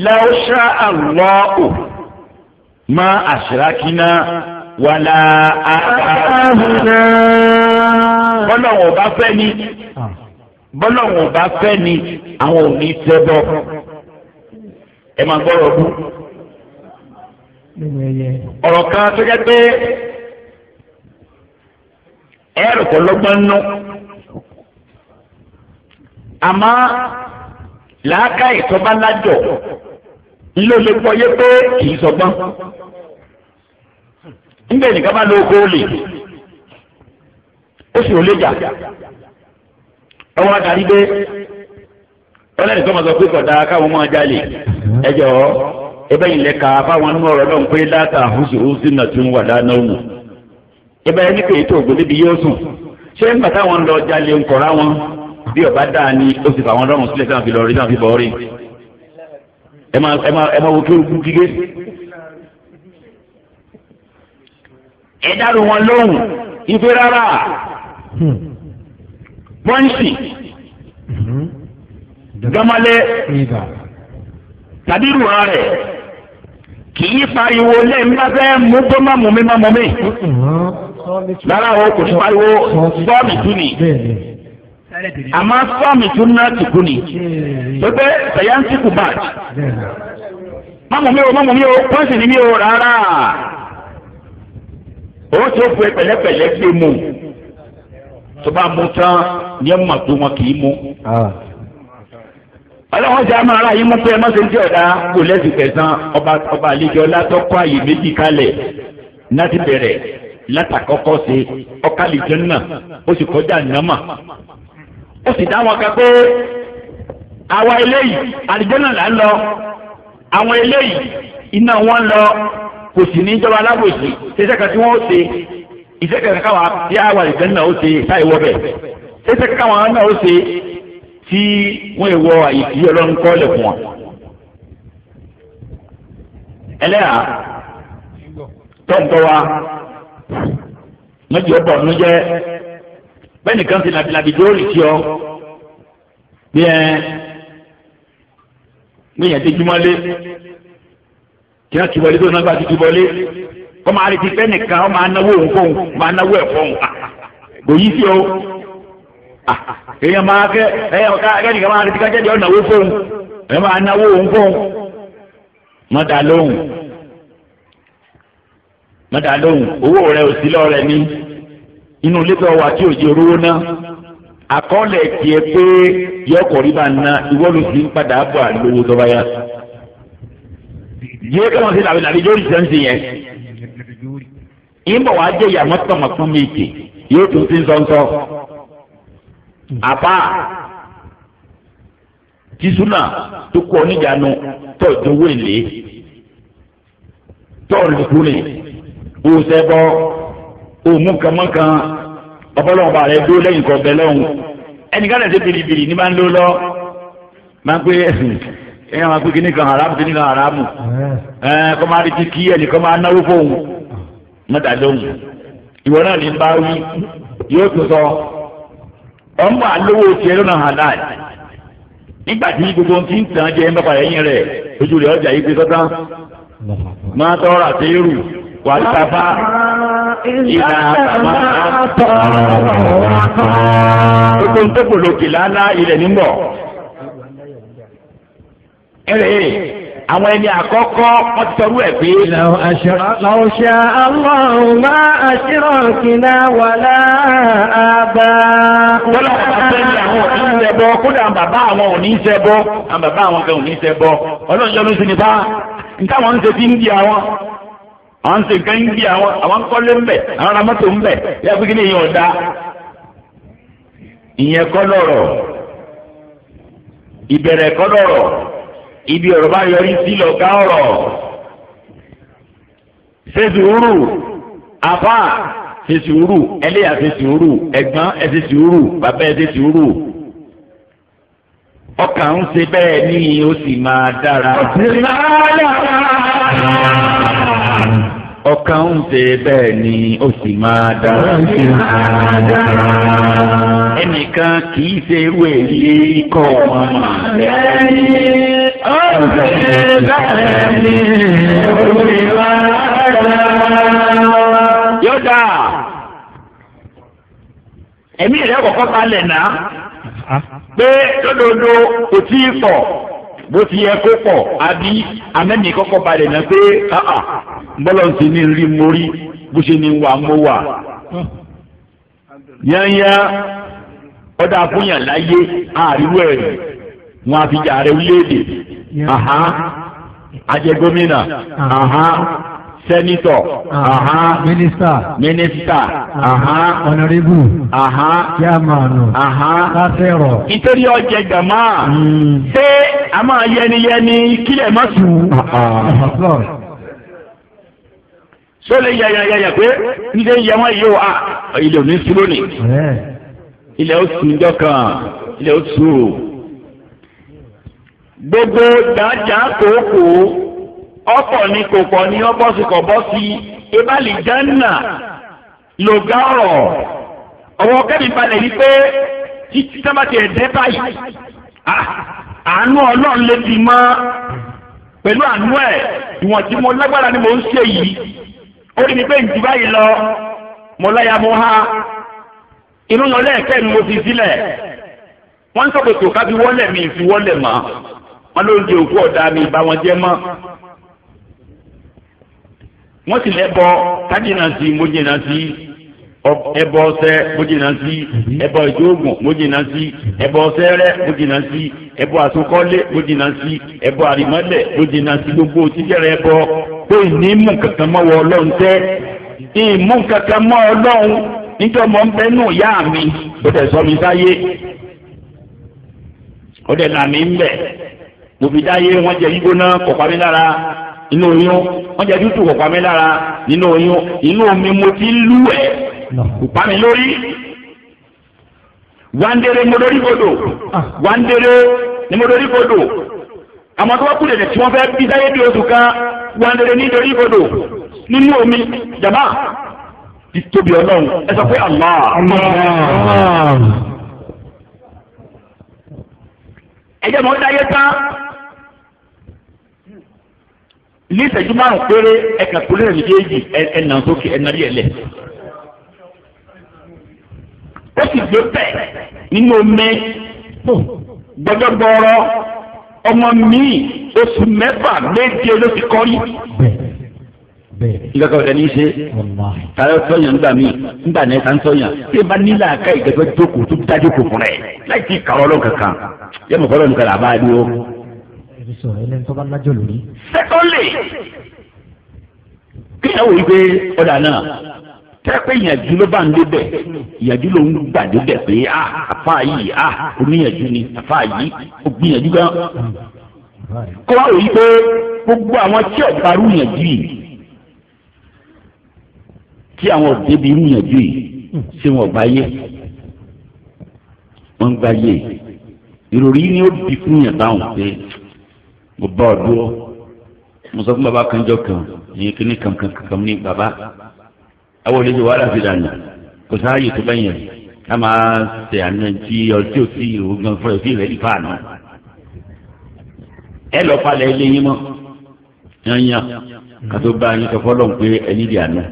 láwùsá àlọ́ọ̀ má àṣìrákínà wàlá àhàhùnà. bọ́lọ̀wọ̀n bá fẹ́ ni bọ́lọ̀wọ̀n bá fẹ́ ni àwọn ò ní ṣẹbọ ẹ máa gbọ́rọ̀ bú. ọ̀rọ̀ kan tó pé ẹ̀rù kọ́ àmọ́. làákà ịsọba lájọ ló lè gbọ́ yé pé kì í sọgbọ́n nígbà nìkan bá lo oko ó sì ò lè jà ọwọ́ adarí dé ọlọ́ọ̀nì tó máa sọ pé káwọn máa jalè jọ yìí lẹ́ka fáwọn ọmọ ọ̀rọ̀ náà ń náà yóò sùn ṣé ń gbà táwọn bí ọba dáa ni ó sì fà wọn rọrùn sílẹ̀ sáà fi lọ rí sáà fi bọ̀ rí ẹ máa ẹ máa ẹ máa wo kí o kú kíké. ẹ dárò wọn lóhùn ife rárá hmm. pọ́ǹsì hmm. gbọ́mọlé tàbí ìrùwà rẹ̀ kì í pariwo lẹ́yìn bá fẹ́ mú tó má mú mi má mú mi hmm. rárá o kò ní pariwo bọ́ọ̀lù tún ni àmọ́ fáàmì tún náà tìkú ni pépé sẹ̀yáǹtì kù bá mọ́mọ́ mi ò mọ́mọ́ mi ò pọ́ǹsì ni mi ò rárá ó ti ó fẹ́ pẹ̀lẹ́pẹ̀lẹ́ gbé mu tó bá mu tán ni ẹ mọ̀ pé wọn kì í mu ọlọ́wọ́n ṣe àmọ́ ara yín mú pé ẹ má ṣe ń jẹ́ ọ̀dà kò lẹ́sìn kẹsàn-án ọba ọba àlejò látọ́kọ́ àyè méjì kalẹ̀ láti bẹ̀rẹ̀ látàkọ́kọ́ ṣe ọkàlìjẹ́ náà ó sì kọjá nàmà ó sì dá wọn kan pé àwa eléyìí àlìjẹ́nà là ń lọ àwọn eléyìí iná wọn ń lọ kò sì ní ìjọba alábòsí ṣẹṣẹ kan tí wọn ó ṣe ìṣe kan káwọn tí àwa àlìjẹ́nà ó ṣe táì wọ bẹ̀ ṣẹṣẹ kan káwọn náà ó ṣe tí wọn èèwọ àyèkí ọlọ́run kọ́ lẹ̀kùn wọn. ẹlẹ́yà tọ́ǹtọ́ wa wọ́n jẹ́ ọ̀pọ̀ jẹ́ bẹ́ẹ̀ nìkan ti làbìlàbì dúró lè ti ọ bí ẹ níyẹn ti jumọ́lé kí wọ́n ti wọlé tó náà gba ti ti wọlé kọ́ máa retí pẹ́ nìkan ọ máa náwó òun fóun máa náwó ẹ̀ fóun kò yí sí o èèyàn máa kẹ́ ẹ̀yàn ká ẹ̀yàn máa retí kájẹ́ jẹ́ ọ náwó fóun ẹ̀yàn máa náwó òun fóun mọ́tà lóhùn mọ́tà lóhùn owó rẹ̀ òsínlọ́ rẹ̀ ní inú ilé tó wà tí ò jẹ rówó ná àkọọ́lẹ̀ tiẹ̀ pé yọkọ̀ rí bá ná ìwọ ló sì ń padà bọ̀ àlówó tó bá yá. yíyé káwọn sí làbí làbí lórí sẹ́ńsì yẹn ìbọ̀ wá jẹ́ ìyàmọ́ tọmọ̀tán méje yóò tún sí sọ́nsọ́ àbá tìsúnà tó kọ níjànú tọ́jú wèlé tọ́ọ̀lù kúrin òsèbọ́. òmù kàmọ́kàn ọ̀pọ̀lọpọ̀ ààrẹ dúró lẹ́yìn kan bẹ́ẹ̀ lọ́hùn ẹnìkan lẹ̀ ṣe ní máa ń lò lọ máa ń pé [laughs] ẹ̀yàn máa na pé kíní kan haramu kíní kan haramu Ẹ kọ́ máa retí kí ẹnìkan máa náwó fóun mọ́tà lóhùn ìwọ náà ní bá wí yóò sọ ọmọ nígbà tí gbogbo ti ń tàn ojú ọjà yìí pé máa wàtàbà ìlà àtàmà gbogbo ntòkòlòkè lálá ilẹ̀ níbọ̀ ẹ̀rẹ̀ àwọn ẹni àkọ́kọ́ wọ́n ti tọrú ẹ̀ pé. làwọn ṣe aláwọ̀ máa àṣírọ̀ kìnnà wà láàbà. wọ́n lọ́wọ́ bá fẹ́ ní àwọn òní ń ṣẹbọ kódà bàbá àwọn òní ń ṣẹbọ àwọn bàbá àwọn kan òní ń ṣẹbọ ọlọ́run yọ́nú sí ni bá nǹkan àwọn ń ṣe ti ń di àwọn àwọn ń ṣe nǹkan ń bí àwọn àwọn ń kọ́lé ńbẹ̀ àwọn ará mọ́tò ńbẹ̀ yá pé kí ni ìyẹn ìyẹn kọ́ lọ́rọ̀ ìbẹ̀rẹ̀ kọ́ lọ́rọ̀ ibi ọ̀rọ̀ bá yọrí sí lọ́gá ọ̀rọ̀ ṣe sùúrù àfà ṣe sùúrù ẹlẹ́yà ṣe sùúrù ẹ̀gbọ́n ẹ ṣe sùúrù bàbá ẹ ọkàn ń ṣe bẹ́ẹ̀ ni ó sì sì máa dára ọkàn ń ṣe bẹ́ẹ̀ ni ó sì máa dára sí dára. ẹnìkan kì í ṣe irú èyí kọ́ wọn. bẹ́ẹ̀ni ó ṣe bẹ́ẹ̀ ni orí wa rárá. yọ̀dà ẹ̀mí rẹ̀ kọ̀kọ́ balẹ̀ náà pé lódodo kò tí ì pọ̀ bó ti yẹ kó pọ̀ àbí amẹ́mí kọ́kọ́ balẹ̀ náà pé ah, ah, bọ́lọ̀ ti ní rí mórí bó ṣe ní wà mọ́ wà. yányá ọ̀dà fúnyàn láyé àríwú ẹ̀ wọn àfi jàre orílẹ̀-èdè ajẹ gómìnà ah. sẹ́nitọ̀ ah. mínísítà mínísítà ọ̀nàrẹ́bù yàmàánù káfẹ́rọ̀. ìtòrí ọjẹ gàmá hmm. ṣé a máa yẹniyẹni kílẹ̀ mọ́tò. ṣó lè yà yà yà pé ilé yẹ wọn yìí o a ah, ilé ò ní sú lónìí ilé ó sùn jọ kan ilé ó o gbogbo dàjà kòókò ọkọ̀ ni kòkọ̀ ni ọbọ̀sì kọ̀ bọ́sì ìbálì jánà lògá ọ̀rọ̀ ọ̀wọ́ kẹ́mi balẹ̀ yìí pé títí sábà tiẹ̀ dẹ́ báyìí ah, àánú ọlọ́run lè ti mọ́ pẹ̀lú àánú ẹ̀ ìwọ̀n mo lágbára ni mo ń ṣe yìí orí mi pé ń jù báyìí lọ mo láyà mo há inú lọ lẹ́ẹ̀kẹ́ ni mo fi sílẹ̀ wọ́n ń sọ̀kò tó kábí wọ́lẹ̀ mi fi wọ́lẹ̀ mọ́ wọn ló ń di òkú ọ̀dà mi bá wọn jẹ́ mọ́ wọ́n sì lẹ́bọ kájìnà sí mo jìnà sí ẹbọ ọsẹ mojìnà sí ẹbọ ìjóògùn mojìnà sí ẹbọ ọsẹ rẹ mojìnà sí ẹbọ àsokọlé mojìnà sí ẹbọ àrìmọlẹ mojìnà sí gbogbo tíjẹrẹ ẹbọ pé ní mú kankan mọ́ wọ Ọlọ́run tẹ ìmú kankan mọ́ Ọlọ́run nítorí mo ń bẹ nù yá mi ó tẹ sọ mi sáyé ó tẹ nà mí ń bẹ mo fi dáyé wọn jẹ gbígbóná kọkọ mi lára inú oyún wọn jẹ tútù kọkọ mi lára nínú oyún inú omi mo ti lú ẹ kò pa mi lórí wandere mo lórí kodò wandere ni mo lórí kodò ah. àmọ́ tó wá kú dẹ̀dẹ̀ tí wọ́n fẹ́ bí sáyé bí oṣù kan wandere ní lórí kodò nínú omi jàmbá títóbi ọlọ́run ẹ sọ pé Allah. ẹ jẹ́ mọ́ dáyé tán ní ìṣẹ́jú márùn-ún péré ẹ̀ka kúlẹ̀ méjèèjì ẹ̀ ẹ̀ nà sókè ẹ̀ nà rí ẹ̀ lẹ̀ ó sì gbé bẹ̀ nínú omi gbọdọgbọrọ ọmọ mi oṣù mẹ́fà méje ló ti kọrí ìgbà kan ní í ṣe tààrà sọyàn nígbà míì nígbà náà sàn sọyàn tí ẹ bá nílà ká ìgbàgbọ́ jókòó tó dájú kò fún rẹ láì tí kàwọ́ lọ kankan yẹ mọ̀ fọlọ́ nìkan làbá rí o. sẹ́kọ̀lì kí ẹ wò wípé ọ̀dà náà tẹ́pẹ́ ìyànjú ló bá ń débẹ̀ ìyànjú ló ń gbà débẹ̀ pé a ah, àfa yìí a ah, oníyànjú ni àfa yìí ó gbìyànjú gan. kó wá òyìn pé gbogbo àwọn tí ọ̀gá rú yànjú yìí tí àwọn òde rú yànjú yìí ṣé wọn gbá yé wọn gbá yé ìròrí ni ó di fún yàn dáhùn pé mo bá ọ dúró mo sọ fún baba kan kan ìyẹn kí kankan kankan ní baba àwọn olójú wàhálà fi dànù kò sáàyè tó bẹ́ẹ̀ yẹn ká máa tẹ àná tí ọtí òtí ògùn fún ẹtí rẹ̀ nípa àná. ẹ lọ palẹ̀ ilé yín mọ́ yanyan kàtó bá yín sọ fọlọ́ pé ẹni di àná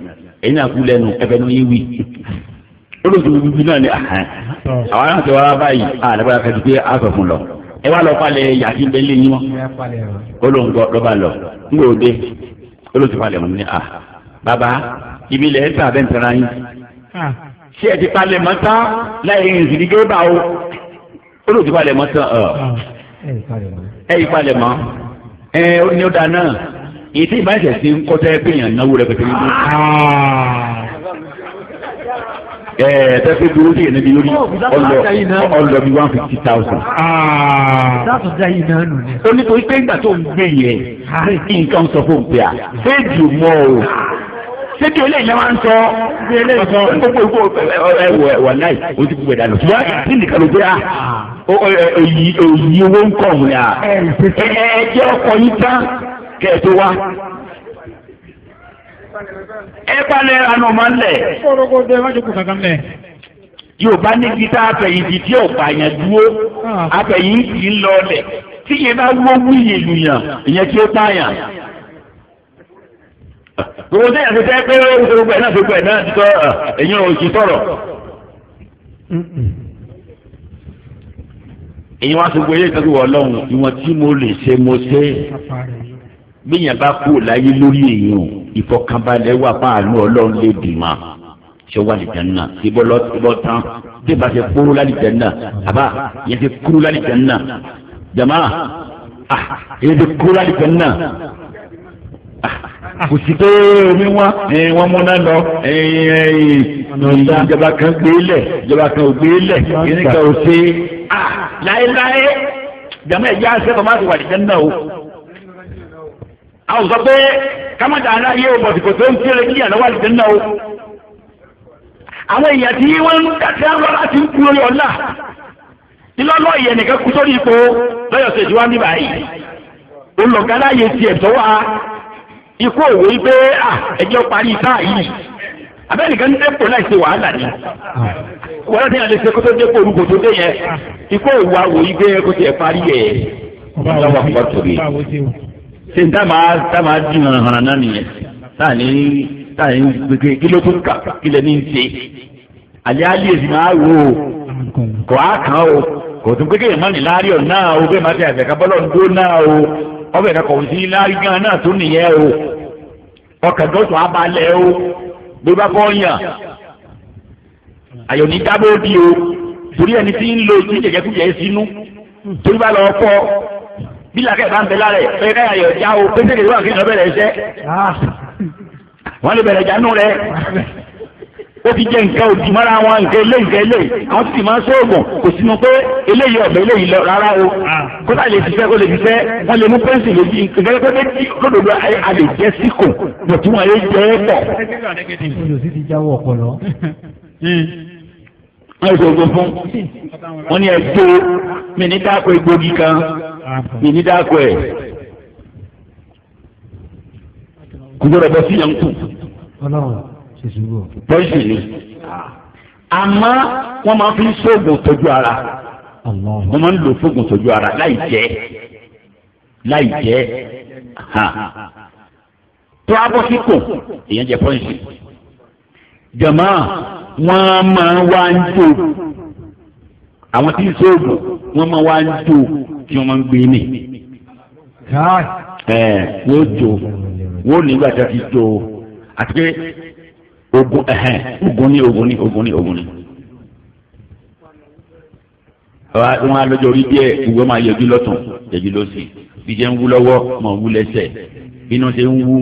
ẹ̀yin náà kú lẹ́nu ẹ̀fẹ̀ ní yín wí. olóòtú bíbí náà ni àwọn aláǹtẹ̀ wa báyìí àdàbọ̀ akẹ́tù pé a sọ fún lọ ẹ wá lọ palẹ̀ yàtí bẹ́ẹ̀ lé yín mọ́ olóńgbò lọ́ba lọ ń gbòde olóòtú palẹ̀ mọ́ ni a. Baba, ibi ilẹ̀ ẹ̀sà abẹ́ ntẹ̀ra yín ṣé ẹ ti palẹ̀ mọ́ tán láì rìn sí ní gébà o ó lò ti palẹ̀ mọ́ tán ẹ yí palẹ̀ mọ́ ẹ ó ní ó da náà èyí tí ìbáṣẹ̀ sí ń kọ́tẹ́ pé èèyàn náwó rẹ̀ pẹ̀tẹ́ nínú. ẹ tẹ́sí dúró sí ẹ̀nẹ́bí lórí ọlọ ọlọ bíi one fifty thousand. ó nítorí pé ńgbà tó ń gbé yẹn nǹkan sọ fún un pé à ṣé jù mọ́ o ṣé kí eléyìí lè máa ń sọ gbogbo ìgbò wà láì o ti gbogbo ìdáná ṣùgbọ́n ah. kí nìkan ló dé à òyì owó ń kọ̀ ọ̀hún yà ah. ẹ jẹ́ ọkọ̀ yín tán kẹ́ ẹ tó wá ẹ balẹ̀ anú ọmọ ńlẹ̀ yorùbá ní gita apẹ̀yìntì tí ọ̀gbà yẹn dúró apẹ̀yìntì ah. ńlọlẹ̀ tí yẹn bá wọ́wú ìyèlú yàn ìyẹn tí ó tà yàn gbogbo tí yàtọ̀ tẹ́ pé ó ń sọ gbogbo ẹ̀ náà gbogbo ẹ̀ náà ti tọ́ ah, ẹ̀yìn òsì sọ̀rọ̀. èyí wọn aṣọ gbogbo ìtọ́jú ọlọ́run ìwọ̀n tí mo lè ṣe mo ṣe gbìyànjú bá kú láyé lórí èèyàn ìfọkànbalẹ̀ wà páànù ọlọ́run lè dì mà ṣé wà lìjẹ́ nà ìbọn lọ ìbọn tán bí ìbá ṣe kúrú lálìjẹ́ nà àbá yẹn ti kúrú lálìjẹ́ nà jàmá ah yẹn ti kúrú lálìjẹ́ nà kò sí pé omi wọn wọn múná lọ ìjọba kan gbé lẹ̀ ìjọba kan ò gbé lẹ̀ kíní kan ò ṣe láéláé jàmọ́ ẹ̀jẹ̀ àṣẹ tó máa ti wà ní jẹ́ńdà o. àwọn sọ pé kámọ́tà aláyé o bọ̀dìkò tó ń kéré kí ìyànà wà ní jẹ́ńdà o. àwọn èèyàn tí wọ́n ń kàtí àwọn láti ń kú lórí ọ̀la ìlọ́lọ́ ìyẹn nìkan kú sórí ipò lọ́yọ̀sẹ̀ ìjọba ní báyìí. olùkọ́ tiẹ̀ tọ́wọ́ a ikú òwò yìí pé parí táà yìí ń dẹ́pọ̀ láì ṣe wàhálà ni wàhálà tí a ṣe kó tó dẹ́pọ̀ orúkọ tó dé yẹn ikú òwò àwò yìí pé kó tiẹ̀ parí yẹ ọlọ́wọ́ àkọ́kọ́ tóbi ṣe ń dáàmà dáàmà dín hàn náà nìyẹn táà ní táà ní gbẹgbẹ kí ló tún kà kí lẹ ní ṣe àlẹ́ àlẹ́ èsì máa wò ó kò á kàn ó kò tún gbẹgbẹ ìmọ̀nì láàárín ọ̀ náà ó bẹ́ẹ̀ má ọbẹ̀ náà kọ̀wé sí lárí gan náà tó nìyẹn o ọkàn tó tún abalẹ̀ o bí ó bá fọ́ yàn àyọ̀ ní dábòdì o torí ẹni tí ń lo ìdí jẹjẹkújẹ sínú torí bá lọ fọ́ bí làkẹ́ bá ń bẹ lára ẹ̀ ẹ̀ káyà já o pété kejì wà kí n lọ bẹ̀rẹ̀ iṣẹ́ ah. wọ́n lè bẹ̀rẹ̀ jánú rẹ̀ ó ti jẹ nǹkan òdì mọ́ra wọn nǹkan ilé nǹkan ilé àwọn sì máa ń sóògùn kò sínú pé eléyìí ọ̀bẹ eléyìí lọ rárá o kódà lè ti fẹ́ kó lè ti fẹ́ wọ́n lè mú pẹ́ńsì lè di nǹkan pé méjì lódodo a lè jẹ́ síkò mọ̀ tí wọ́n lè jẹ́ é pọ̀. wọ́n ṣe oògùn fún wọ́n ní ẹjọ́ mi ní dáko egbògi kan mi ní dáko ẹ̀ kúndùrọ̀ bọ́ sí yẹn ń kù pọ́ìsì ni àmọ́ wọ́n máa fi sóògùn tọ́jú ara wọ́n máa ń lò fóògùn tọ́jú ara láì jẹ́ láì jẹ́ tó a bọ́ síkò èèyàn jẹ pọ́ìsì jàmá wọ́n máa wá ń jò àwọn tí ń sóògùn wọ́n máa wá ń jò tí wọ́n máa ń gbé ní ẹ̀ wọ́n jò wọ́n nígbà tí ti jò àti pé ogun ẹhẹn ogun ni ogun ni ogun ni ogun ni wọn á lọ́jọ́ orí díẹ̀ ìwé máa yẹjú lọ́tún yẹjú lọ́sì bí jẹ́ ń wú lọ́wọ́ mọ̀ wú lẹ́sẹ̀ inú ṣe ń wú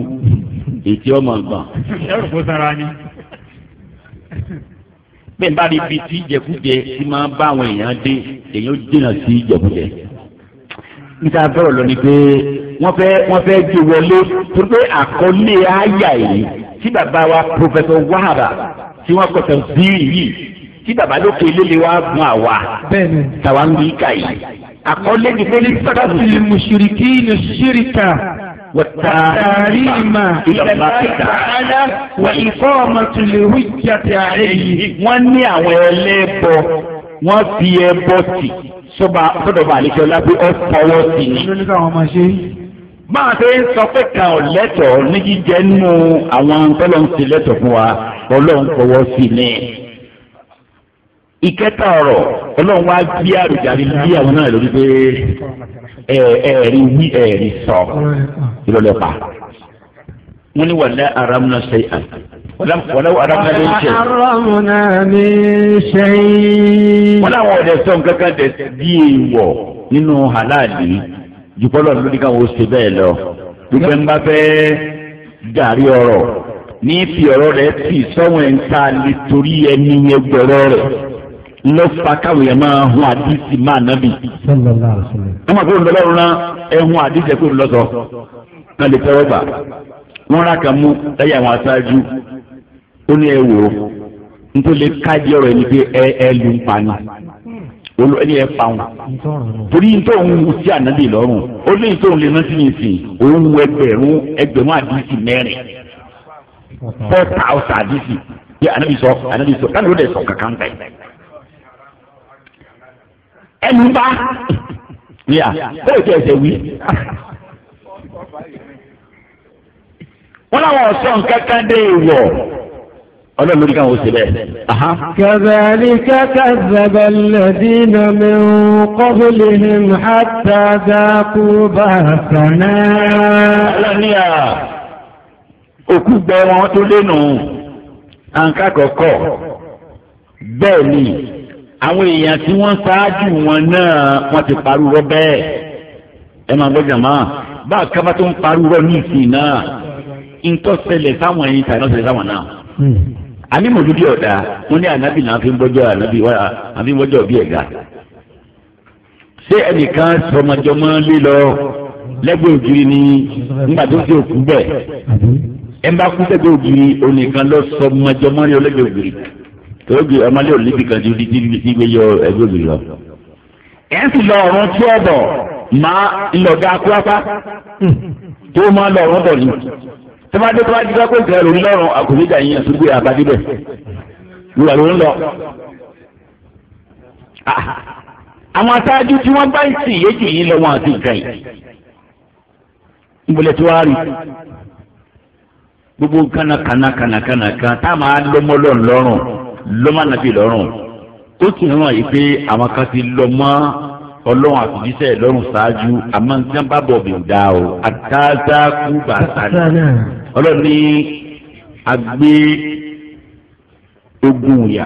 ètí ọmọ gbọ̀n. ẹrù kó sara ni. bẹ́ẹ̀ bá rí ibi tí ìjẹkújẹ ti máa bá àwọn èèyàn dé èèyàn dènà sí ìjẹkújẹ. níta bọ̀rọ̀ lọ ni pé wọ́n fẹ́ wọ́n fẹ́ jù wọlé torí pé àkọlé ááyà yìí tí bàbá wa Professor Wahaba tí wọ́n kọ́ tẹ̀síìrì yìí tí bàbá lókè lélẹ̀ wa gun àwa tàwa ń bí ká yìí. àkọlé ni pé ní sábàbí mùsùlùkì ní ṣíríkà. والتعليم إلى الله تعالى وإقامة الحجة عليه wọ́n ní àwọn ẹlẹ́bọ wọ́n fi ẹbọ tì sọ́dọ̀ bàálẹ̀ kí ọlá pé ọ fọwọ́ sí ni máa ṣe ń sọ pé kan ò lẹ́tọ̀ọ́ ní jíjẹ nínú àwọn tọ́lọ́ ń ṣe lẹ́tọ̀ọ́ fún wa ọlọ́run fọwọ́ sí ni. ìkẹta ọ̀rọ̀ ọlọ́run wá bí àrùjáde bí àwọn náà lórí pé ẹ̀ẹ̀rí wí ẹ̀ẹ̀rí sọ ìrọ̀lẹ́ pa. wọ́n ní wàlẹ́ aramuna ṣe à wọ́lá aramuna ló ń ṣe. aramuna ní ṣe é. wọ́n láwọn ọ̀dẹ̀ sọ nǹkan kan dẹ̀ bí èèwọ̀ nínú halali jùpọ̀lọ̀ ló ní káwọn ó ṣe bẹ́ẹ̀ lọ. dùgbẹ́ ń bá fẹ́ dàrí ọ̀rọ̀ ní fi ọ̀rọ̀ rẹ̀ tì sọ́wọ́n ẹ̀ ń ta lè torí ẹni yẹn gbọ́rọ̀ rẹ̀ ló fa káwọn yẹn máa hun àdìsí máa nábì. wọ́n máa kúrò lọ́lọ́run náà ẹ̀ hun àdìsí ẹ̀kúrò lọ́sọ̀ náà lè tẹ́wọ́ gbà. wọ́n rà kàn mú lẹ́yìn àwọn aṣáájú ó ní ẹ wò ó nítorí kájí ọ̀rọ̀ ẹni pé ẹ ẹ lù ń pa ni olú ẹni ẹ pa wọn torí ntòun wù sí ànábì lọ́rùn ó ní ntòun lè rántí mi sìn òun wù ẹgbẹ̀rún ẹgbẹ̀rún àdìsí mẹ́rin four thousand àdìsí bí ànábì sọ ànábì sọ káni ó dẹ̀ sọ kankan bẹ̀. ẹnu bá ní à bẹ́ẹ̀ tí ẹ ṣe wí. wọ́n láwọn ọ̀sán ọlọ́run lórí káwọn ó ṣe bẹ́ẹ̀. kazalika kazzaba alladhina min qablihim hatta dhaqu ba'sana. ọlọ́níyà òkú gbẹ wọn tó lẹ́nu àǹkà kọ̀ọ̀kọ̀ bẹ́ẹ̀ ni àwọn èèyàn tí wọ́n ṣáájú wọn náà wọ́n ti parúrọ́ bẹ́ẹ̀ ẹ máa gbọ́ jàmá bá kábà tó ń parúrọ́ ní ìsìn náà ń sáwọn ẹ̀yìn tàbí ọ̀ṣẹ̀lẹ̀ sáwọn náà. Hmm àní mòlúdì ọ̀dà wọn ní ànábì náà fi ń bọ́jọ́ ànábì wá àfi ń bọ́jọ́ bí ẹ̀gá. ṣé ẹnìkan sọmọjọmọ lílọ lẹ́gbẹ̀ẹ́ ògiri ni nígbà tó ti òkú bẹ̀ ẹ bá kú lẹ́gbẹ̀ẹ́ ògiri onìkan lọ sọmọjọmọ lílọ lẹ́gbẹ̀ẹ́ ògiri tọ́wọ́ gbé ọmọlé òní bìkan ti di gbé yọ ẹgbẹ́ ògiri lọ. ẹ sì lọ ọ̀run tí ọ̀bọ̀ máa ń lọ dá kúrápá tó máa lọ ọ̀run bọ̀ ni. tẹmadé tó bá jí kápẹ́ ìsirẹ́ lórí lọ́rùn àkùnrin ìjà yín àtúgbò àbájú bẹ̀ lùwà ló ń lọ. àwọn aṣáájú tí wọ́n bá ń sìn yéjì yín lọ wọn àti nǹkan yìí tí rí gbogbo tá a máa lọ́mọ lọ́rùn lọ́mọ nàbí lọ́rùn ó hàn pé àwọn kan ọlọ́run àtúnjíṣẹ́ ìlọ́run ṣáájú àmọ́ ní sábà bọ̀ bí ń dá o àtàtà kú bàtà ni ọlọ́run ní agbé ogun ìyà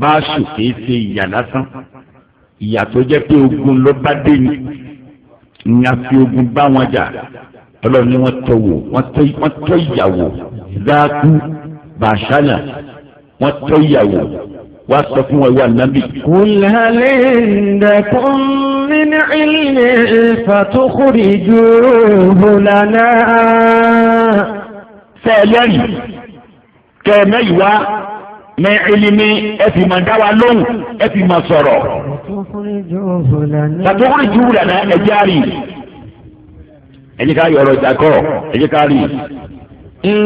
báṣù kìí ṣe ìyà lásán ìyà tó jẹ́ pé ogun ló bá dé ni ní a fi ogun bá wọn jà ọlọ́run ní wọ́n tọ́ wò wọ́n tọ́ ìyàwó dákú bàṣánà wọ́n tọ́ ìyàwó wàá sọ fún wọn ìwà nàbì. kùlàlẹ́ ǹdẹ̀kùn min ilmi fatukhrijuhu lana. sẹ́ẹ̀lẹ́rì kẹ̀mẹ́yìwá ní ilimi ẹ̀fì máa dá wa lóhùn ẹ̀fì máa sọ̀rọ̀. fatukhrijuhu lana ẹ̀jẹ̀ àrí ẹ̀jẹ̀ ká yọ̀rọ̀ ìdàkọ̀ ẹ̀jẹ̀ ká rí. إن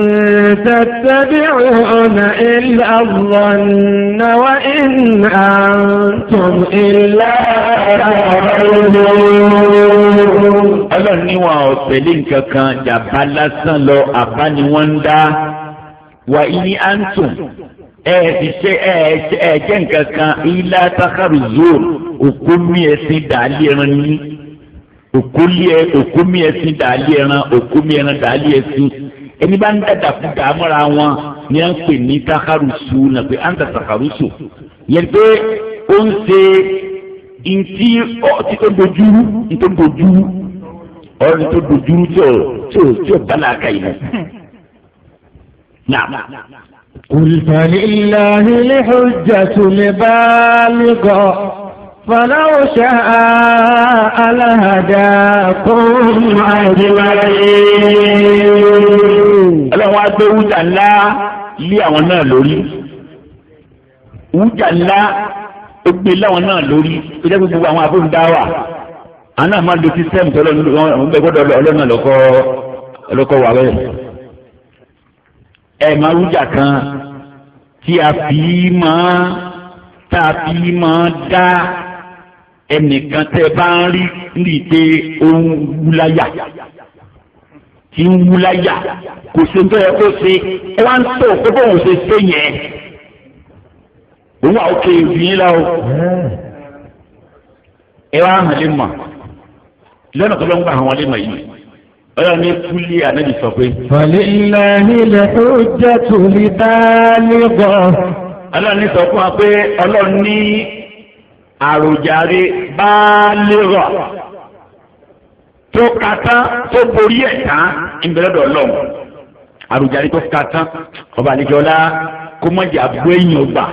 تتبعون إلا الظن وإن أنتم إلا ọlọ́run ní wọn ò tẹ̀lé nǹkan kan jàmbá lásán lọ àbá ni wọ́n ń dá wà ní antum ẹ ti ṣe ẹ jẹ́ nǹkan kan ilá takaru zoo òkú ẹ̀sìn dàálì ẹran ní òkú ẹ̀sìn dàálì ẹran òkú ẹran dàálì ẹ̀sìn ẹni bá ń dàda fún dàmúra wọn ni à ń pè ní takarusu náà pé à ń ta takarusu yẹn pé ó ń ṣe ntí ọ tí ó dojúrú ntó dojúrú ọ̀rọ̀ ntó dojúrú tí ó tí ó tí ó bá làákà yìí náà. قل فلله الحجة البالغة فلو شاء لهداكم أجمعين ọlọ́run wá gbé wújà ńlá lé àwọn náà lórí wújà ńlá ó gbé láwọn náà lórí ó jẹ́ gbogbo àwọn àbúrò dá wà àwọn náà máa lo sísẹ́mù tó lọ́nà gbọ́dọ̀ ọlọ́nà lọ́kọ́ ọlọ́kọ́ wà bẹ́ẹ̀ ẹ̀ máa wújà kan tí a fi máa tá a fi máa dá ẹnìkan tẹ́ bá ń rí rí i pé ó ń wúláyà tí ń wú láyà kò ṣe tó yẹ kó ṣe ẹ wá ń tó kó bóun ṣe ṣe yẹn òun àwọn òkè ìfìyín la o ẹ wá hàn lé mọ lọ́nà tó ló ń gbà hàn wọ́n lé mọ yìí ọlọ́run ní kúlí ànábì sọ pé. fàlẹ́ ìlànà ilẹ̀ tó jẹ́ tòlí bá lébọ̀. ọlọ́run ní sọ fún wa pé ọlọ́run ní àròjàre bá lérò tó ka tán tó borí ẹ̀ tán ìbẹ̀rẹ̀dọ̀ lọ. àrùjáde tó ka tán ọba àlejò ọlá kó má jà bó ẹ̀yìn ọgbà.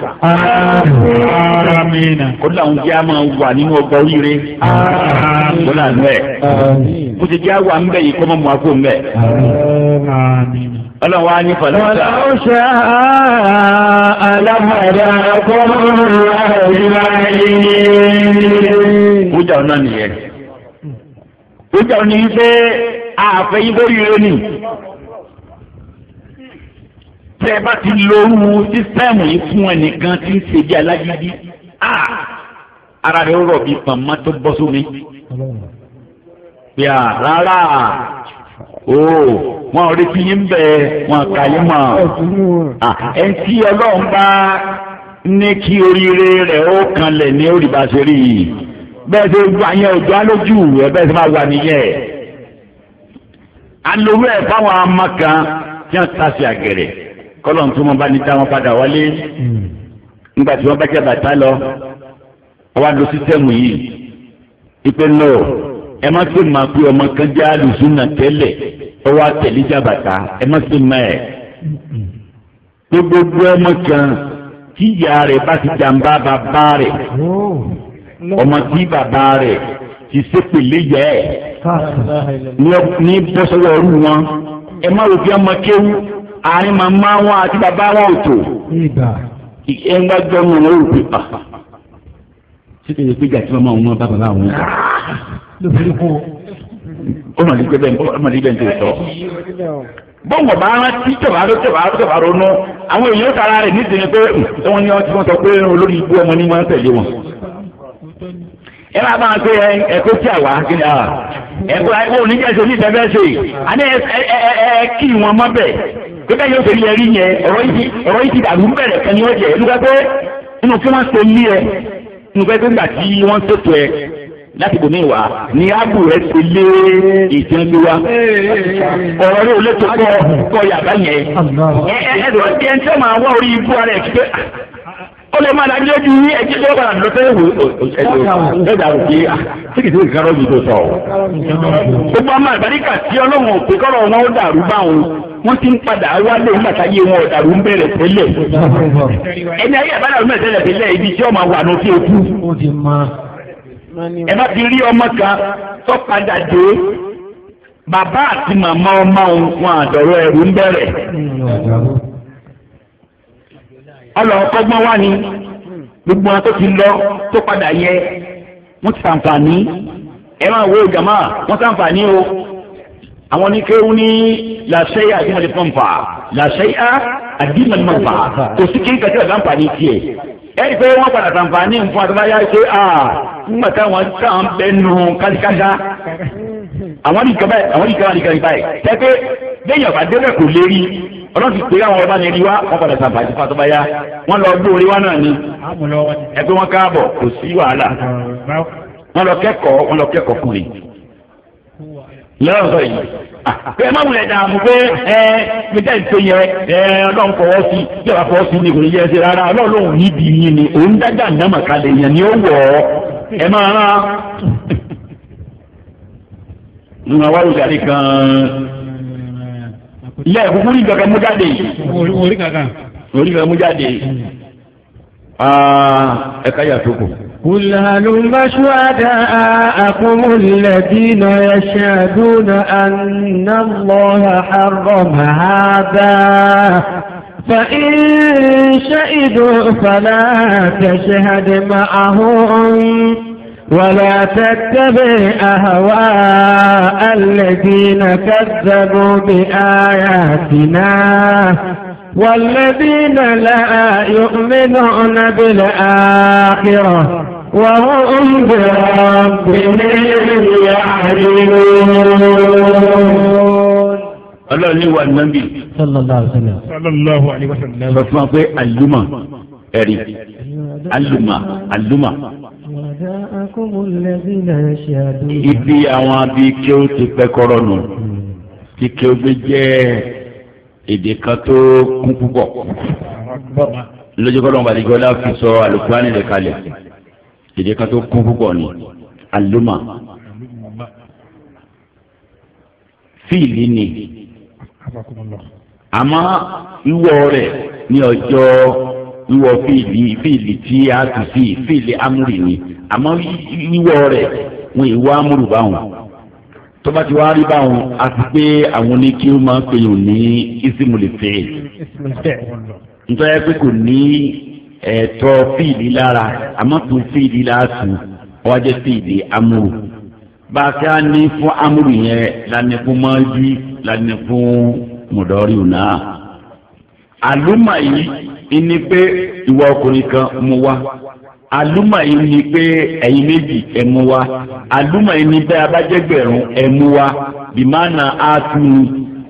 àmín. kó làwọn jẹ́ àmọ́ wà nínú ọgbà oríire. àmín. kó lànà ẹ̀. àmín. mo ti jẹ́ àwọn àmúbẹ̀ yìí kó má mú àgbo mẹ́. àmín. ọlọ́run wa ní fọlọ́. wọ́n lọ ṣe alámọ̀dá kọ́ ọ́n lọ́wọ́ ìlànà yìí. mo jà ọ náà nìyẹn ìjọ ni wípé àfẹ́yìn lórí rẹ nì tẹ́ ẹ bá ti lóru sísẹ́ẹ̀mù yìí fún ẹnìkan tí ń ṣe bí alágídí ara rẹ̀ rọ̀ bí pàmò tó bọ́ sómi yà rárá o wọn ò retí yín bẹ́ẹ̀ wọn kà yín mọ́ ẹ ti ọlọ́run bá ní kí oríire rẹ̀ ó kanlẹ̀ ní orí yìí bẹ́ẹ̀ ṣe wà yẹn òjò alójú ẹ bẹ́ẹ̀ ṣe máa wà nìyẹn. alowó ẹ̀ fáwọn ọmọ kan tí wọ́n ta sí àgẹ̀rẹ̀ kọ́lọ́n tó wọn bá ní táwọn padà wálé nígbà tí wọ́n bá jẹ́ bàtà lọ wọ́n á lo sítẹ́ẹ̀mù yìí ipe nọ ẹ má ṣe máa pé ọmọ kan jẹ́ alùsùnà tẹ́lẹ̀ ọwọ́ àtẹ̀lẹ́jà bàtà ẹ má ṣe máa ẹ̀ gbogbo ọmọ kan tíyà rẹ̀ bá ti jàǹbá bàbá rẹ̀. Oh ọmọ tí bàbá rẹ̀ ti sépèlé yẹ ẹ̀ ní bọ́sọ̀wọ́ ọ̀rú wọn ẹ má rògbé ọmọ kéwú àárín màmá wọn àti bàbá wọn ò tó ẹ ń gbàgbọ́ ọmọ wọn ò rò pé pa títí ìdí péjà tí màmá wọn bá bàbá wọn kà ó mà ní pé bẹ́ẹ̀ ó mà ní bẹ́ẹ̀ ń tẹ̀ sọ. bá rántí tẹ̀wárò tẹ̀wárò tẹ̀wárò àwọn èèyàn sára rẹ̀ nídìí ni pé hmm, wọ́n ní wọ́n ti sọ pé olórí ibú ọmọ ní wọ́n tẹ̀lé wọn. ẹ máa máa pé ẹkọ tí a wá kí ni a ẹkọ ẹkọ oníjẹsẹ ní àní ẹ ẹ ẹ kí wọn mọ bẹ́ẹ̀ pé bẹ́ẹ̀ yóò fẹẹ rí yẹn ọ̀rọ̀ yìí ọ̀rọ̀ yìí ti dàrú inú kí wọn ṣe lé ẹ inú tí wọn ṣètò ẹ láti bòmí ni ábù rẹ ti lé wa lè tó yàrá yẹn ẹ ẹ ẹ ẹ ẹ ẹ ó lè máa dájú ojú ní ẹjí tó padà lọ fẹ́ wò ẹ̀dá rò pé síkì síkì kárọ̀ mi tó sọ ọ́. gbogbo àmọ́ àbáríkà tí ọlọ́run òpè kọ́rọ̀ wọn ó dàrú báwọn wọ́n ti ń padà wálé nígbà tá yé wọn ọ̀dàrú ń bẹ̀rẹ̀ tẹ́lẹ̀. ẹni ayé àbádàrú mẹ́rin tẹ́lẹ̀ tẹ́lẹ̀ ibi tí ọmọ wà lọ́sí òkú. ẹ bá ti rí ọmọ kan tó padà dé bàbá àti màmá ọmọ wọn àdọ̀rọ̀ ẹ̀rù ń bẹ̀rẹ̀ ọlọ́ọ̀kọ́gbọ́n wà ní gbogbo wọn tó ti lọ tó padà yẹ wọ́n ti sàǹfààní ẹ máa wo ìjàmá wọ́n sàǹfààní o àwọn oníkéwu ní làṣẹ́yà àdìmọ̀lẹ́ pọ̀npà làṣẹ́yà àdìmọ̀lẹ́ pọ̀npà kò sí kí kàtí àdàǹfààní tiẹ̀ ẹni pé wọ́n padà sàǹfààní nǹkan àtàbáyá ṣe à nígbà táwọn táwọn bẹnu kájíkájá àwọn nìkan báyìí àwọn nìkan báyìí tẹ́ pé bẹ́ẹ̀ yàtọ̀ àdébẹ̀ kò lérí ọlọ́run ti pé àwọn ọba yẹn rí wá wọ́n padà sàbà àti fatọ́ bá yá wọ́n lọ gbóore wá náà ni ẹgbẹ́ wọn káàbọ̀ kò sí wàhálà wọ́n lọ kẹ́kọ̀ọ́ wọ́n lọ kẹ́kọ̀ọ́ fún mi lọ́rọ̀ sọ yìí ah, pé ẹ má wulẹ̀ dààmú pé ẹ mi dẹ́n tó yẹ ẹ ọlọ́run fọwọ́ sí bí ọba fọwọ́ sí ni kò ní yẹ ẹ ṣe rárá ọlọ́run níbi yín ni òun dájà nàmà kalẹ̀ yẹn ni ó wọ̀ ọ́ ẹ máa rán. kan lẹ kúkú ní kankan mú jáde. orí kankan. orí kankan mú jáde. ẹ ká yàtọ̀ kù. قل هلم شهداءكم الذين يشهدون أن الله حرم هذا فإن شهدوا فلا تشهد معهم ولا تتبع أهواء الذين كذبوا بآياتنا والذين لا يؤمنون بالآخرة وهم بربهم يعلمون الله اللي هو النبي صلى الله عليه وسلم صلى الله عليه وسلم فما في علما ibi àwọn abi kí o ti pẹ́kọ́rọ́ nù tí kí ó gbé jẹ́ èdè kan tó kún púpọ̀ lójúkọ́ lọ́nba àdìgbò ọlá fi sọ àlùkùránì rẹ̀ kalẹ̀ èdè kan tó kún púpọ̀ ni àlùmà fíìlì ni àmọ́ ìwọ rẹ̀ ní ọjọ́ wíwọ fíìlì fíìlì tí a tù sí fíìlì amúrì ni àmọ́ wíwọ rẹ̀ wọn ì wọ amúrù báwọn tó bá ti wá rí báwọn àti pé àwọn ní kí wọ́n máa ń pè yàn ní ìsìmùlẹ̀fẹ́ nítorí pé kò ní ẹ̀tọ́ fíìlì lára àmọ́ tó fíìlì láàtù wọ́n jẹ́ fíìlì amúrù bá a ká ní fún amúrù yẹn lani fún mọ́jú lani fún mọ̀dọ́rì náà àlùmọ̀ yìí ni pé ìwà ọkùnrin kan mú wá àlùmọ̀ yìí ni pé ẹ̀yin méjì ẹ̀ mú wá àlùmọ̀ yìí ni pé abájẹ́gbẹ̀rún ẹ̀ mú wá bìmánà àtúnu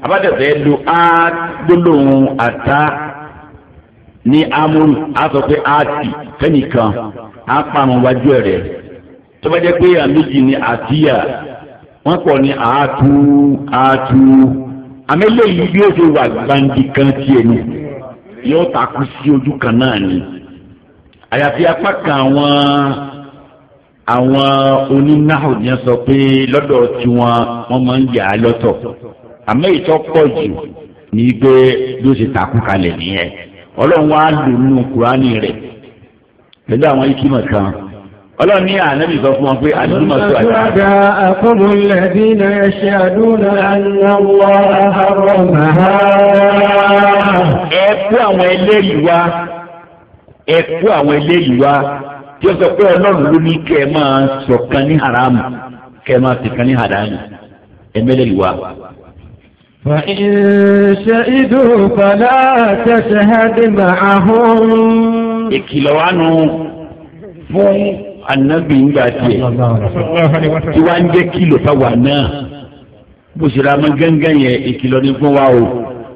abájẹ́fẹ́ lo àgbólóhùn àtá ní amúrù àtọ̀ pé àtì fẹ́nìkan àpamọ́ wájú rẹ̀ tó bá jẹ́ pé àméjì ni àtìyà wọ́n pọ̀ ní àtú àtú àmẹ́lẹ́yìn bí ó ṣe wà gbàǹdì kan tiẹ̀ ni yóò takú sí ojú kan náà ni àyàfi apá kan àwọn àwọn onínáhùn ni wọ́n sọ pé lọ́dọ̀ tiwọn wọ́n máa ń yà á lọ́tọ̀ àmọ́ ìtọ́ pọ̀ jù ní pé bí ó ṣe takú kalẹ̀ nìyẹn ọlọ́run wá lò nínú kúránì rẹ̀ pẹ̀lú àwọn ikímọ̀ kan ọlọ́run ní ànábì sọ fún wọn pé àdúgbò tó àjọ. ọ̀gá àkọ́bùnlẹ̀dínlẹ̀ ṣe àdúrà àyànwó àhàrọ̀ màá kó àwọn ẹlẹ́rìí wá ẹ kó àwọn ẹlẹ́rìí wá tí ó sọ pé ọlọ́run ló ní kẹ́ ẹ máa sọ̀kan ní haramu kẹ́ ẹ máa sọ̀kan ní haramu ẹ mẹ́lẹ́rìí wá. فإن شهدوا فلا تشهد معهم ìkìlọ̀ wa nù fún anabi ńgbà tiẹ̀ tí wàá ń jẹ́ kìlọ̀ táwa náà bó ṣe ra mọ́ gángan yẹn ìkìlọ̀ ní fún wa o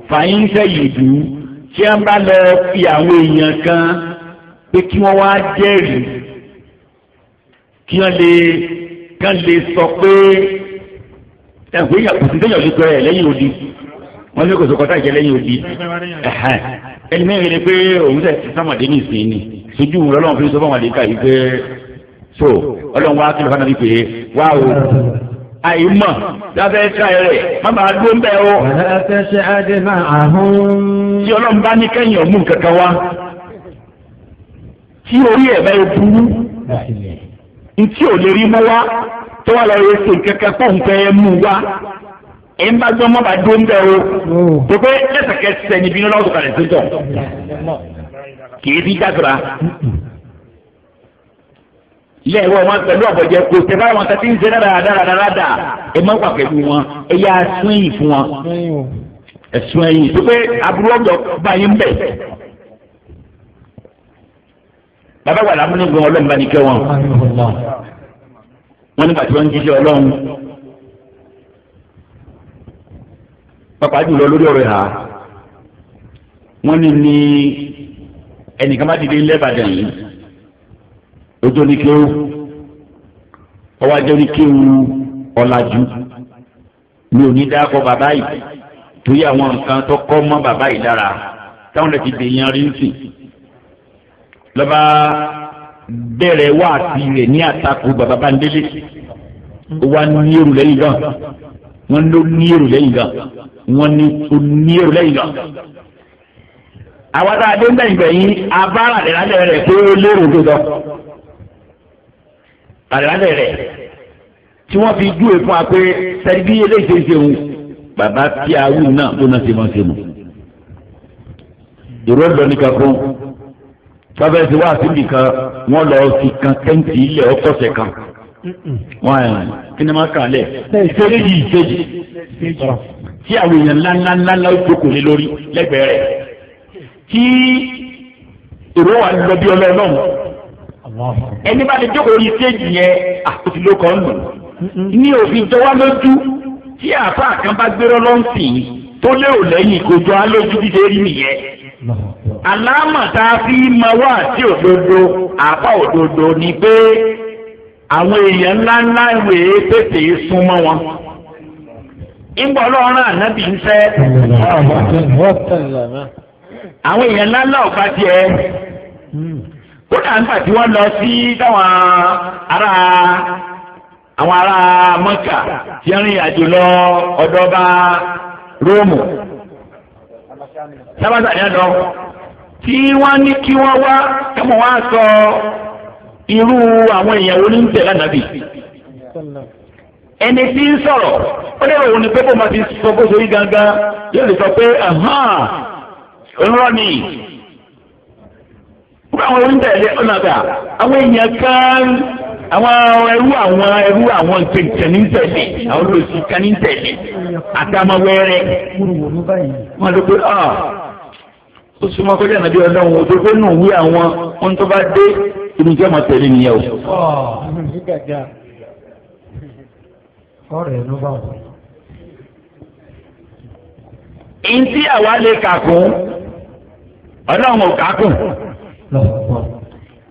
fàyín sẹ́yìn dùn tí a bá lọ fi àwọn èèyàn kan pé kí wọ́n wá jẹ́rìí kí wọ́n lè kán lè sọ pé ẹ̀kú yẹn kò sí téèyàn lè tọ́ ẹ̀ lẹ́yìn odi wọ́n lè kò sọ kọ́tà ìjẹ́ lẹ́yìn odi ẹni mẹ́rin ni pé òun tẹ̀ sàmàdé ní ìsìn ni sojú wọn lọ́wọ́ fi sọ fún àwọn àdéhùn káyìí pé so ọlọ́run wá kí ló fana bí pé wá o àìmọ̀ lábẹ́ ká rẹ̀ má bàa dúró ń bẹ́ o. ẹ̀ẹ́dẹ́sẹ̀ adé máa àhún. tí ọlọ́run bá ní kẹ́yìn ọ̀mú kankan wá tí orí ẹ̀ bẹ́ẹ̀ burú ntí ò lè rí mọ́ wá tó wà lọ́ọ́ ṣe kankan pọ̀ ń fẹ́ mú wá ilé ẹ̀rọ wọn pẹ̀lú ọ̀bọ̀jẹ kò tẹ bára wọn kẹtí ń ṣe dára dára dára dà ẹ má wà pẹ̀lú wọn ẹ yá sún ẹ̀yìn fún wọn ẹ̀sùn ẹ̀yìn tó pé aburú ọ̀dọ̀ bá yín bẹ̀. bàbá wà lámúnú gan ọlọ́run bá ní kẹ́ wọn wọn nígbà tí wọ́n ń jíṣẹ́ ọlọ́run pàpà jùlọ lórí ọ̀rọ̀ ìhà wọ́n ní ní ẹnìkan bá dìde ńlẹ́ yìí ojú oníkéwu ọwọ́ ajé oníkéwu ọ̀làjú mi ò ní dákọ̀ bàbá yìí torí àwọn nǹkan tó kọ́ mọ́ bàbá yìí dára táwọn lè ti dèèyàn rí nsì lọ́ba bẹ̀rẹ̀ wá àti rẹ̀ ní àtakò bàbá Bándélé wa ní èrò lẹ́yìn gan wọ́n ló ní èrò lẹ́yìn gan wọ́n ní o ní èrò lẹ́yìn gan àwọn tá a dé ń bẹ̀yìn bẹ̀yìn abára lẹ́la lẹ́rẹ̀ pé ó lérò tó àrẹ̀lálẹ̀ rẹ̀ tí wọ́n fi dúwe fún wa pé sẹ́ni bí eléyìí ṣe ń bàbá tí a wù náà tó náà ṣe máa ṣe mọ̀. ìró ẹ̀dọ́ ní kankan sábẹ́ ti wá síbi kan wọ́n lọ fi kan kẹ́ǹtì ilẹ̀ ọkọ̀ṣẹ̀ kan wọ́n ẹ̀ kí ni wọ́n kà lẹ̀ ṣẹ́ni yìí ṣèjì tí àwọn èèyàn ńláńláńlá ó jókòó lé lórí lẹ́gbẹ̀ẹ́ rẹ̀ tí ìró wa lọ bí ọlọ́ọ̀lọ́ọ̀ ẹni bá ti jókòó ní séèjì yẹn àkótí ló ní òfin jọwọ́ lójú tí àfa kan bá gbérọ́ lọ́nsìn tó lérò lẹ́yìn ìkójọ alójú dídé rí nìyẹn aláàmà tá a fi máa wá àti òdodo òdodo ni pé àwọn èèyàn wọn ọlọ́run ànábì ń fẹ́. àwọn èèyàn kódà nígbà tí wọ́n lọ sí táwọn ará àwọn ará mọ́kà tí ń rìn àjò lọ ọ̀dọ́ba róòmù sábàtà ní ọ̀dọ́ tí wọ́n ní kí wọ́n wá kẹ́mọ̀ wá sọ irú àwọn èèyàn wo ní ń tẹ̀lé ànábì ẹni tí ń sọ̀rọ̀ ó lérò òun ni pé bó ma ti sọ bó so yí gangan yóò lè sọ pé ẹ̀hán ńlọ́ni wọ́n àwọn oníbẹ̀rẹ̀ ọ̀nà àgbà àwọn èèyàn kan àwọn ẹrú àwọn ẹrú àwọn kẹ̀kẹ́nìtẹ̀lẹ̀ àwọn olùsí kẹ̀nìtẹ̀lẹ̀ àtàmọ̀wẹ́rẹ́ wọ́n ló pé ọ́ ah, ó súnmọ́ kọjá nàbí ọlọ́run ó tó pé nù wí àwọn ohun tó bá dé ìdíjọ́ máa tẹ̀lé nìyẹn o. ọ̀rẹ́ ló bá wọn. ìntí àwa lè kà kún ọlọ́run ò kà kún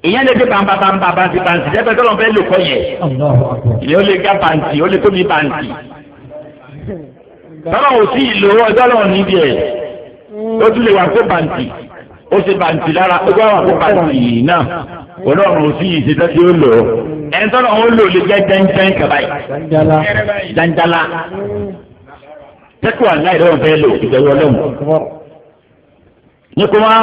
ìyẹn lè dé bàǹbà bàǹbà bàǹtì bàǹtì lẹ́gbẹ̀ẹ́ tó lọ́n fẹ́ lò kọ́ yẹn ìyẹn ó lè ga bàǹtì ó lè tóbi bàǹtì tọ́lá ò sí ìlò ọjọ́ lọ́wọ́ níbi ẹ̀ ó tún lè wà kó bàǹtì ó ṣe bàǹtì lára ó gbọ́dọ̀ wà kó bàǹtì yìí náà ọlọ́run ò sí ìṣètò tí ó lò ó ẹni tọ́lá ò lò lè jẹ́ jẹ́ńjẹ́ń kaba yìí jẹ́ńjálá tẹ́kọ̀ọ́ aláìlọ́wọ́ fẹ́ lò ìjẹ́wọ́ ọlọ́run ní kó wá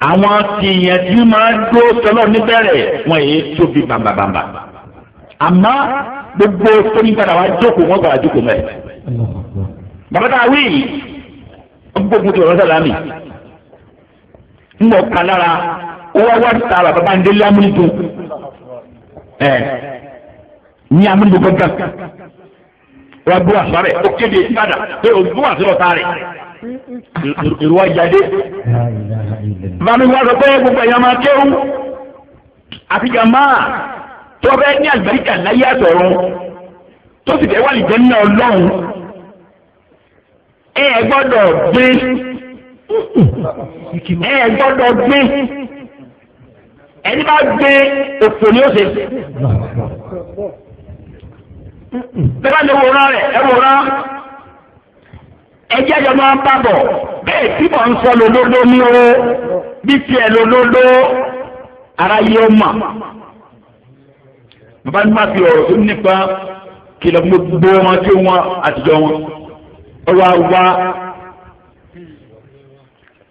àwọn tìyẹn tí máa ń dó tọ́lọ̀ níbẹ̀rẹ̀ wọ́n yé tóbi bàǹbàǹbà àmọ́ gbogbo tóbi padà wá jókòó wọ́n gbàgbà jókòó mẹ́. bàbá tá a wí gbogbo tó rọ́ṣà lámì ń bọ̀ kan lára owó wá ti ta bàbá ń délé amúnitó ẹ̀ ní amúnitó gbọ̀ngàn wọ́n gbọ́ àṣọ rẹ̀ ó kéde ìbàdàn pé ògbó àṣọ ọ̀tá rẹ̀ ìrù ajáde. Bàbá mi wá sọ pé gbogbo ẹ̀yàn máa kéwù. Àfi jàmbá tó bẹ́ẹ̀ ní àgbàríkà láyé àtọ̀run tó sì fẹ́ wà lè jẹ́ nínú ọlọ́run. Ẹ ẹ gbọ́dọ̀ gbé. Ẹ ẹ gbọ́dọ̀ gbé. Ẹni bá gbé òfò ni ó ṣe bẹ́ẹ̀ ni wòran rẹ̀ ẹ wòran ẹjẹ́ àjọ máa ń bàbọ̀ bẹ́ẹ̀ tí mò ń sọ lòdòdó ní o bí tiẹ̀ lòdòdó ara yẹ ọ mà. bàbá mi máa fi ọ̀rọ̀ tó nípa kìlọ̀ gbogbo wọn tí wọn àtijọ́ wọn ọwọ́ àwa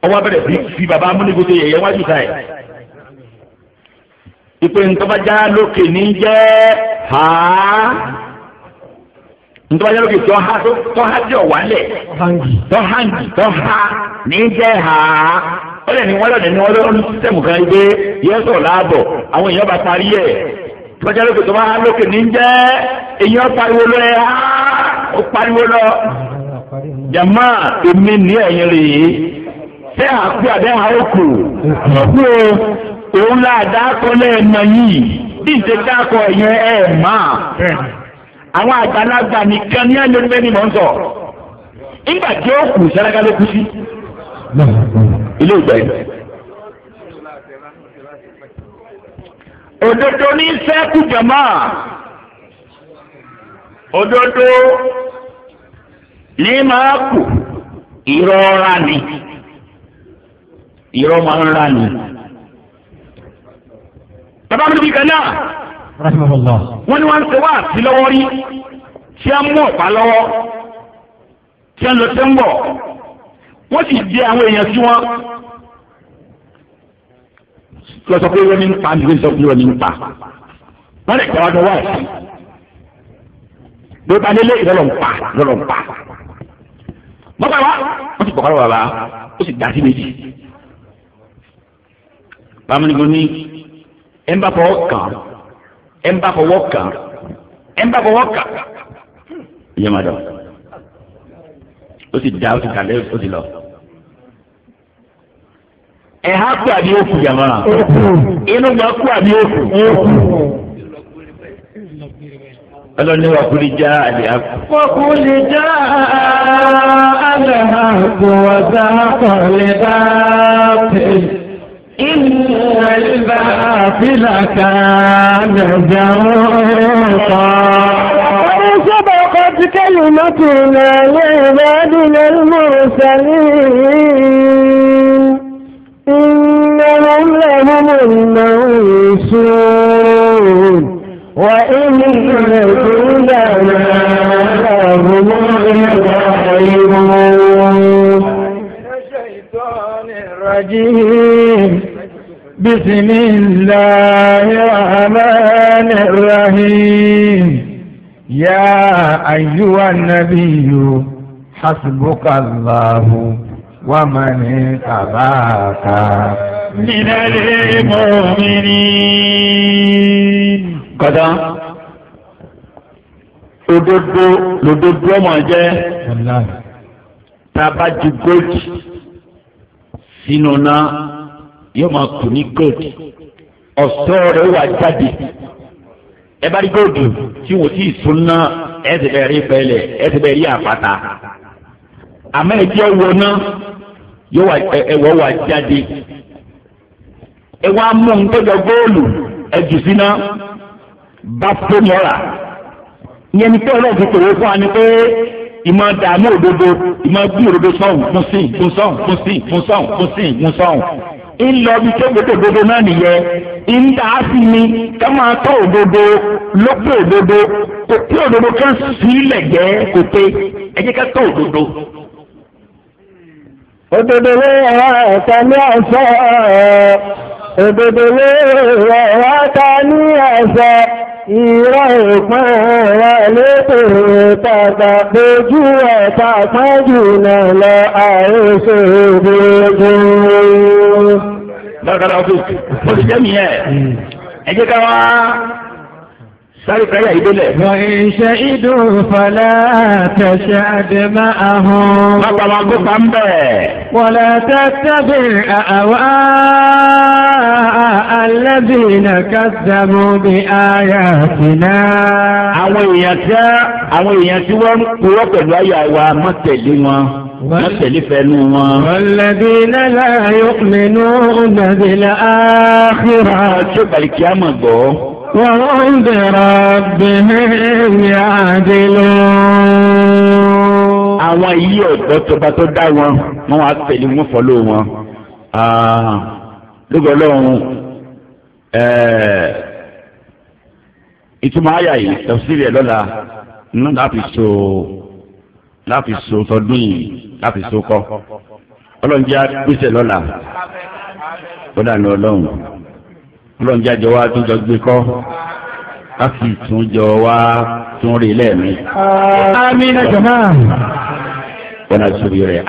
ọwọ́ abẹ́rẹ́ fi bàbá amúnigbòtò yẹ̀yẹ́ wájú táyà ìpè ntọ́bajá lókè ní jẹ́ hàá. ntọ́jà lókè tọ́ha tọ́ha jẹ́ ọ̀wálẹ̀ tọ́hangi tọ́ha ní jẹ́ ha ó lè ní wọ́n lọ́dẹ̀ ní wọ́n lọ́dún sẹ́mu kan gbé yẹ́sọ̀ láàbọ̀ àwọn èèyàn bá parí ẹ̀ tọ́jà tọ́ha lókè ní jẹ́ èèyàn pariwo lọ ẹ̀ ó pariwo lọ àwọn àgbàlagbà nìkan ní àlejò ní mọ̀ ń sọ nígbà tí ó kù sẹ́lẹ̀ká ló kú sí ilé ìgbà yìí. òdodo ní sẹ́kù jọ̀mọ́ òdodo ní máa kù ìrọ̀ra ni ìrọ̀ máa ń ra ni. bàbá mi bí kan náà wọ́n ní wọ́n ń ṣe wá àti lọ́wọ́ rí tí a mú ọ̀pá lọ́wọ́ tí a lọ sí ń bọ̀ wọ́n sì di àwọn èèyàn sí wọn lọ sọ pé wọ́n ní ń pa nígbà sọ pé wọ́n ní ń pa wọ́n lè jẹ́ wọ́n wá ẹ̀sìn bí ó bá délé ń pa ìrọ̀lọ́ ń pa bọ́pá wa wọ́n sì pọ̀kọ́ lọ́wọ́ bàbá ó sì dá sí méjì bàmí ni mo ní ẹ̀ ń bá pọ̀ kàn án ẹ̀ ń bá fọwọ́ kàn ẹ̀ ń bá fọwọ́ kàn ìyẹn máa dọ̀ ó sì dá ó sì kàlẹ́ ó sì lọ. ẹ̀ há kú àbí òkú jàmọ́ inú gbà kú àbí òkú. Ọlọ́ni wa kúrì já àlè àkú. Kọ́kúrì já àlè àkú wà sáà kọ̀ọ̀lẹ́ إن الباطل كان جوطا وسبقت كلمتنا لعبادنا المرسلين إنهم لهم المنصور وإن جندنا لهم الغالبون الشيطان الرجيم بسم الله الرحمن الرحيم يا أيها النبي حسبك الله ومن اتبعك من المؤمنين kọ́dá òdodo lòdodo ọmọ jẹ́ tá a yóò máa kù ní gold ọ̀ṣọ́ rẹ̀ wà jáde ẹ bá rí gold tí wò sí ìsúná ẹ ti bẹ̀ rí bẹ́lẹ̀ ẹ ti bẹ̀ rí àpáta àmọ́ ẹ jẹ́ wọ náà yóò wà ẹ̀wọ̀ wà jáde ẹ wá mú ntọ́jọ góòlù ẹ jù sí náà bá tó mọ́ra ìyẹn ni pé ọlọ́run ti pèrè fún wa ni pé ìmọ̀ dààmú òdodo ìmọ̀ gbé òdodo sọ̀hún fún sí fún sọ̀hún fún sí fún sọ̀hún fún sí fún sọ̀hún ń lọ bí kéwòtò òdodo náà nìyẹn ń dà á sí ni ká máa tọ́ òdodo lópè òdodo kò tí òdodo kan sílẹ̀ jẹ́ kò pé ẹ jẹ́ ká tọ́ òdodo. òdodo ló wà ẹ̀ka ní ọ̀sán òdodo ló wà ẹ̀ka ní ọ̀sán ìrọ̀ ìpín rẹ̀ lépèrè tàgbà dojú ẹ̀ta pẹ́ jù náà lọ àìsè ìgbèrègbè. Bákan náà, sáré káyà yìí délẹ̀. wọ́n ṣe ìdú fọlá tẹ̀sẹ̀ àdèmà àhùn. bàbá wa kó pa ń bẹ̀. wọ́lá tẹ́tẹ́bì àwa alẹ́bìnà kásìdámù bí àyà sínà. àwọn èèyàn tí àwọn èèyàn tí wọ́n ń pẹ̀lú àyà wa mọ́ tẹ̀lé wọn wọ́n tẹ̀lé fẹ́nu wọn. wọ́lẹ́bí lẹ́la yóò pinnu ọ̀gbìn lẹ́la áhìrà. ọjọ́ bàlìkì àmọ̀ gbọ́. وعند ربهم يعدلون àwọn yìí ọ̀dọ́ tọba tó dá wọn wọn wá ah, tẹ̀lé wọn fọlọ́ wọn lóko eh, lọ́hùn ìtumọ̀ àyà yìí tafsiri lọ́la nínú láti so láti so tọdún yìí láti kọ́ àgbẹ̀sẹ̀ lọ́la ọlọ́njẹ́ àjọ wa tún jọ gbé kọ́ a sì tún jọ wa tún rí lẹ́ẹ̀mí. amina jama. wọn á sori rẹ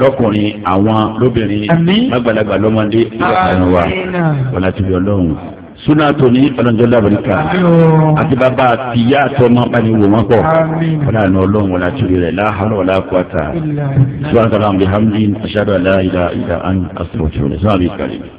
lọkùnrin àwọn lóbìnrin lágbàlagbà lọmọdé ìgbàkanu wa wọn á sori Ọlọ́run suna tóni ọlọ́njọ́ lábẹ́ríkà àti bàbá tìyá àtọmọ bani wò wọn pọ̀ wọn àná ọlọ́run wọn àti rẹ̀ láhàárọ̀ wọn àkọ́ta sọ́wọ́n sọ́wọ́n bihamdi ashhadu an la ilaha illa anta astaghfiruka wa atubu ilayk.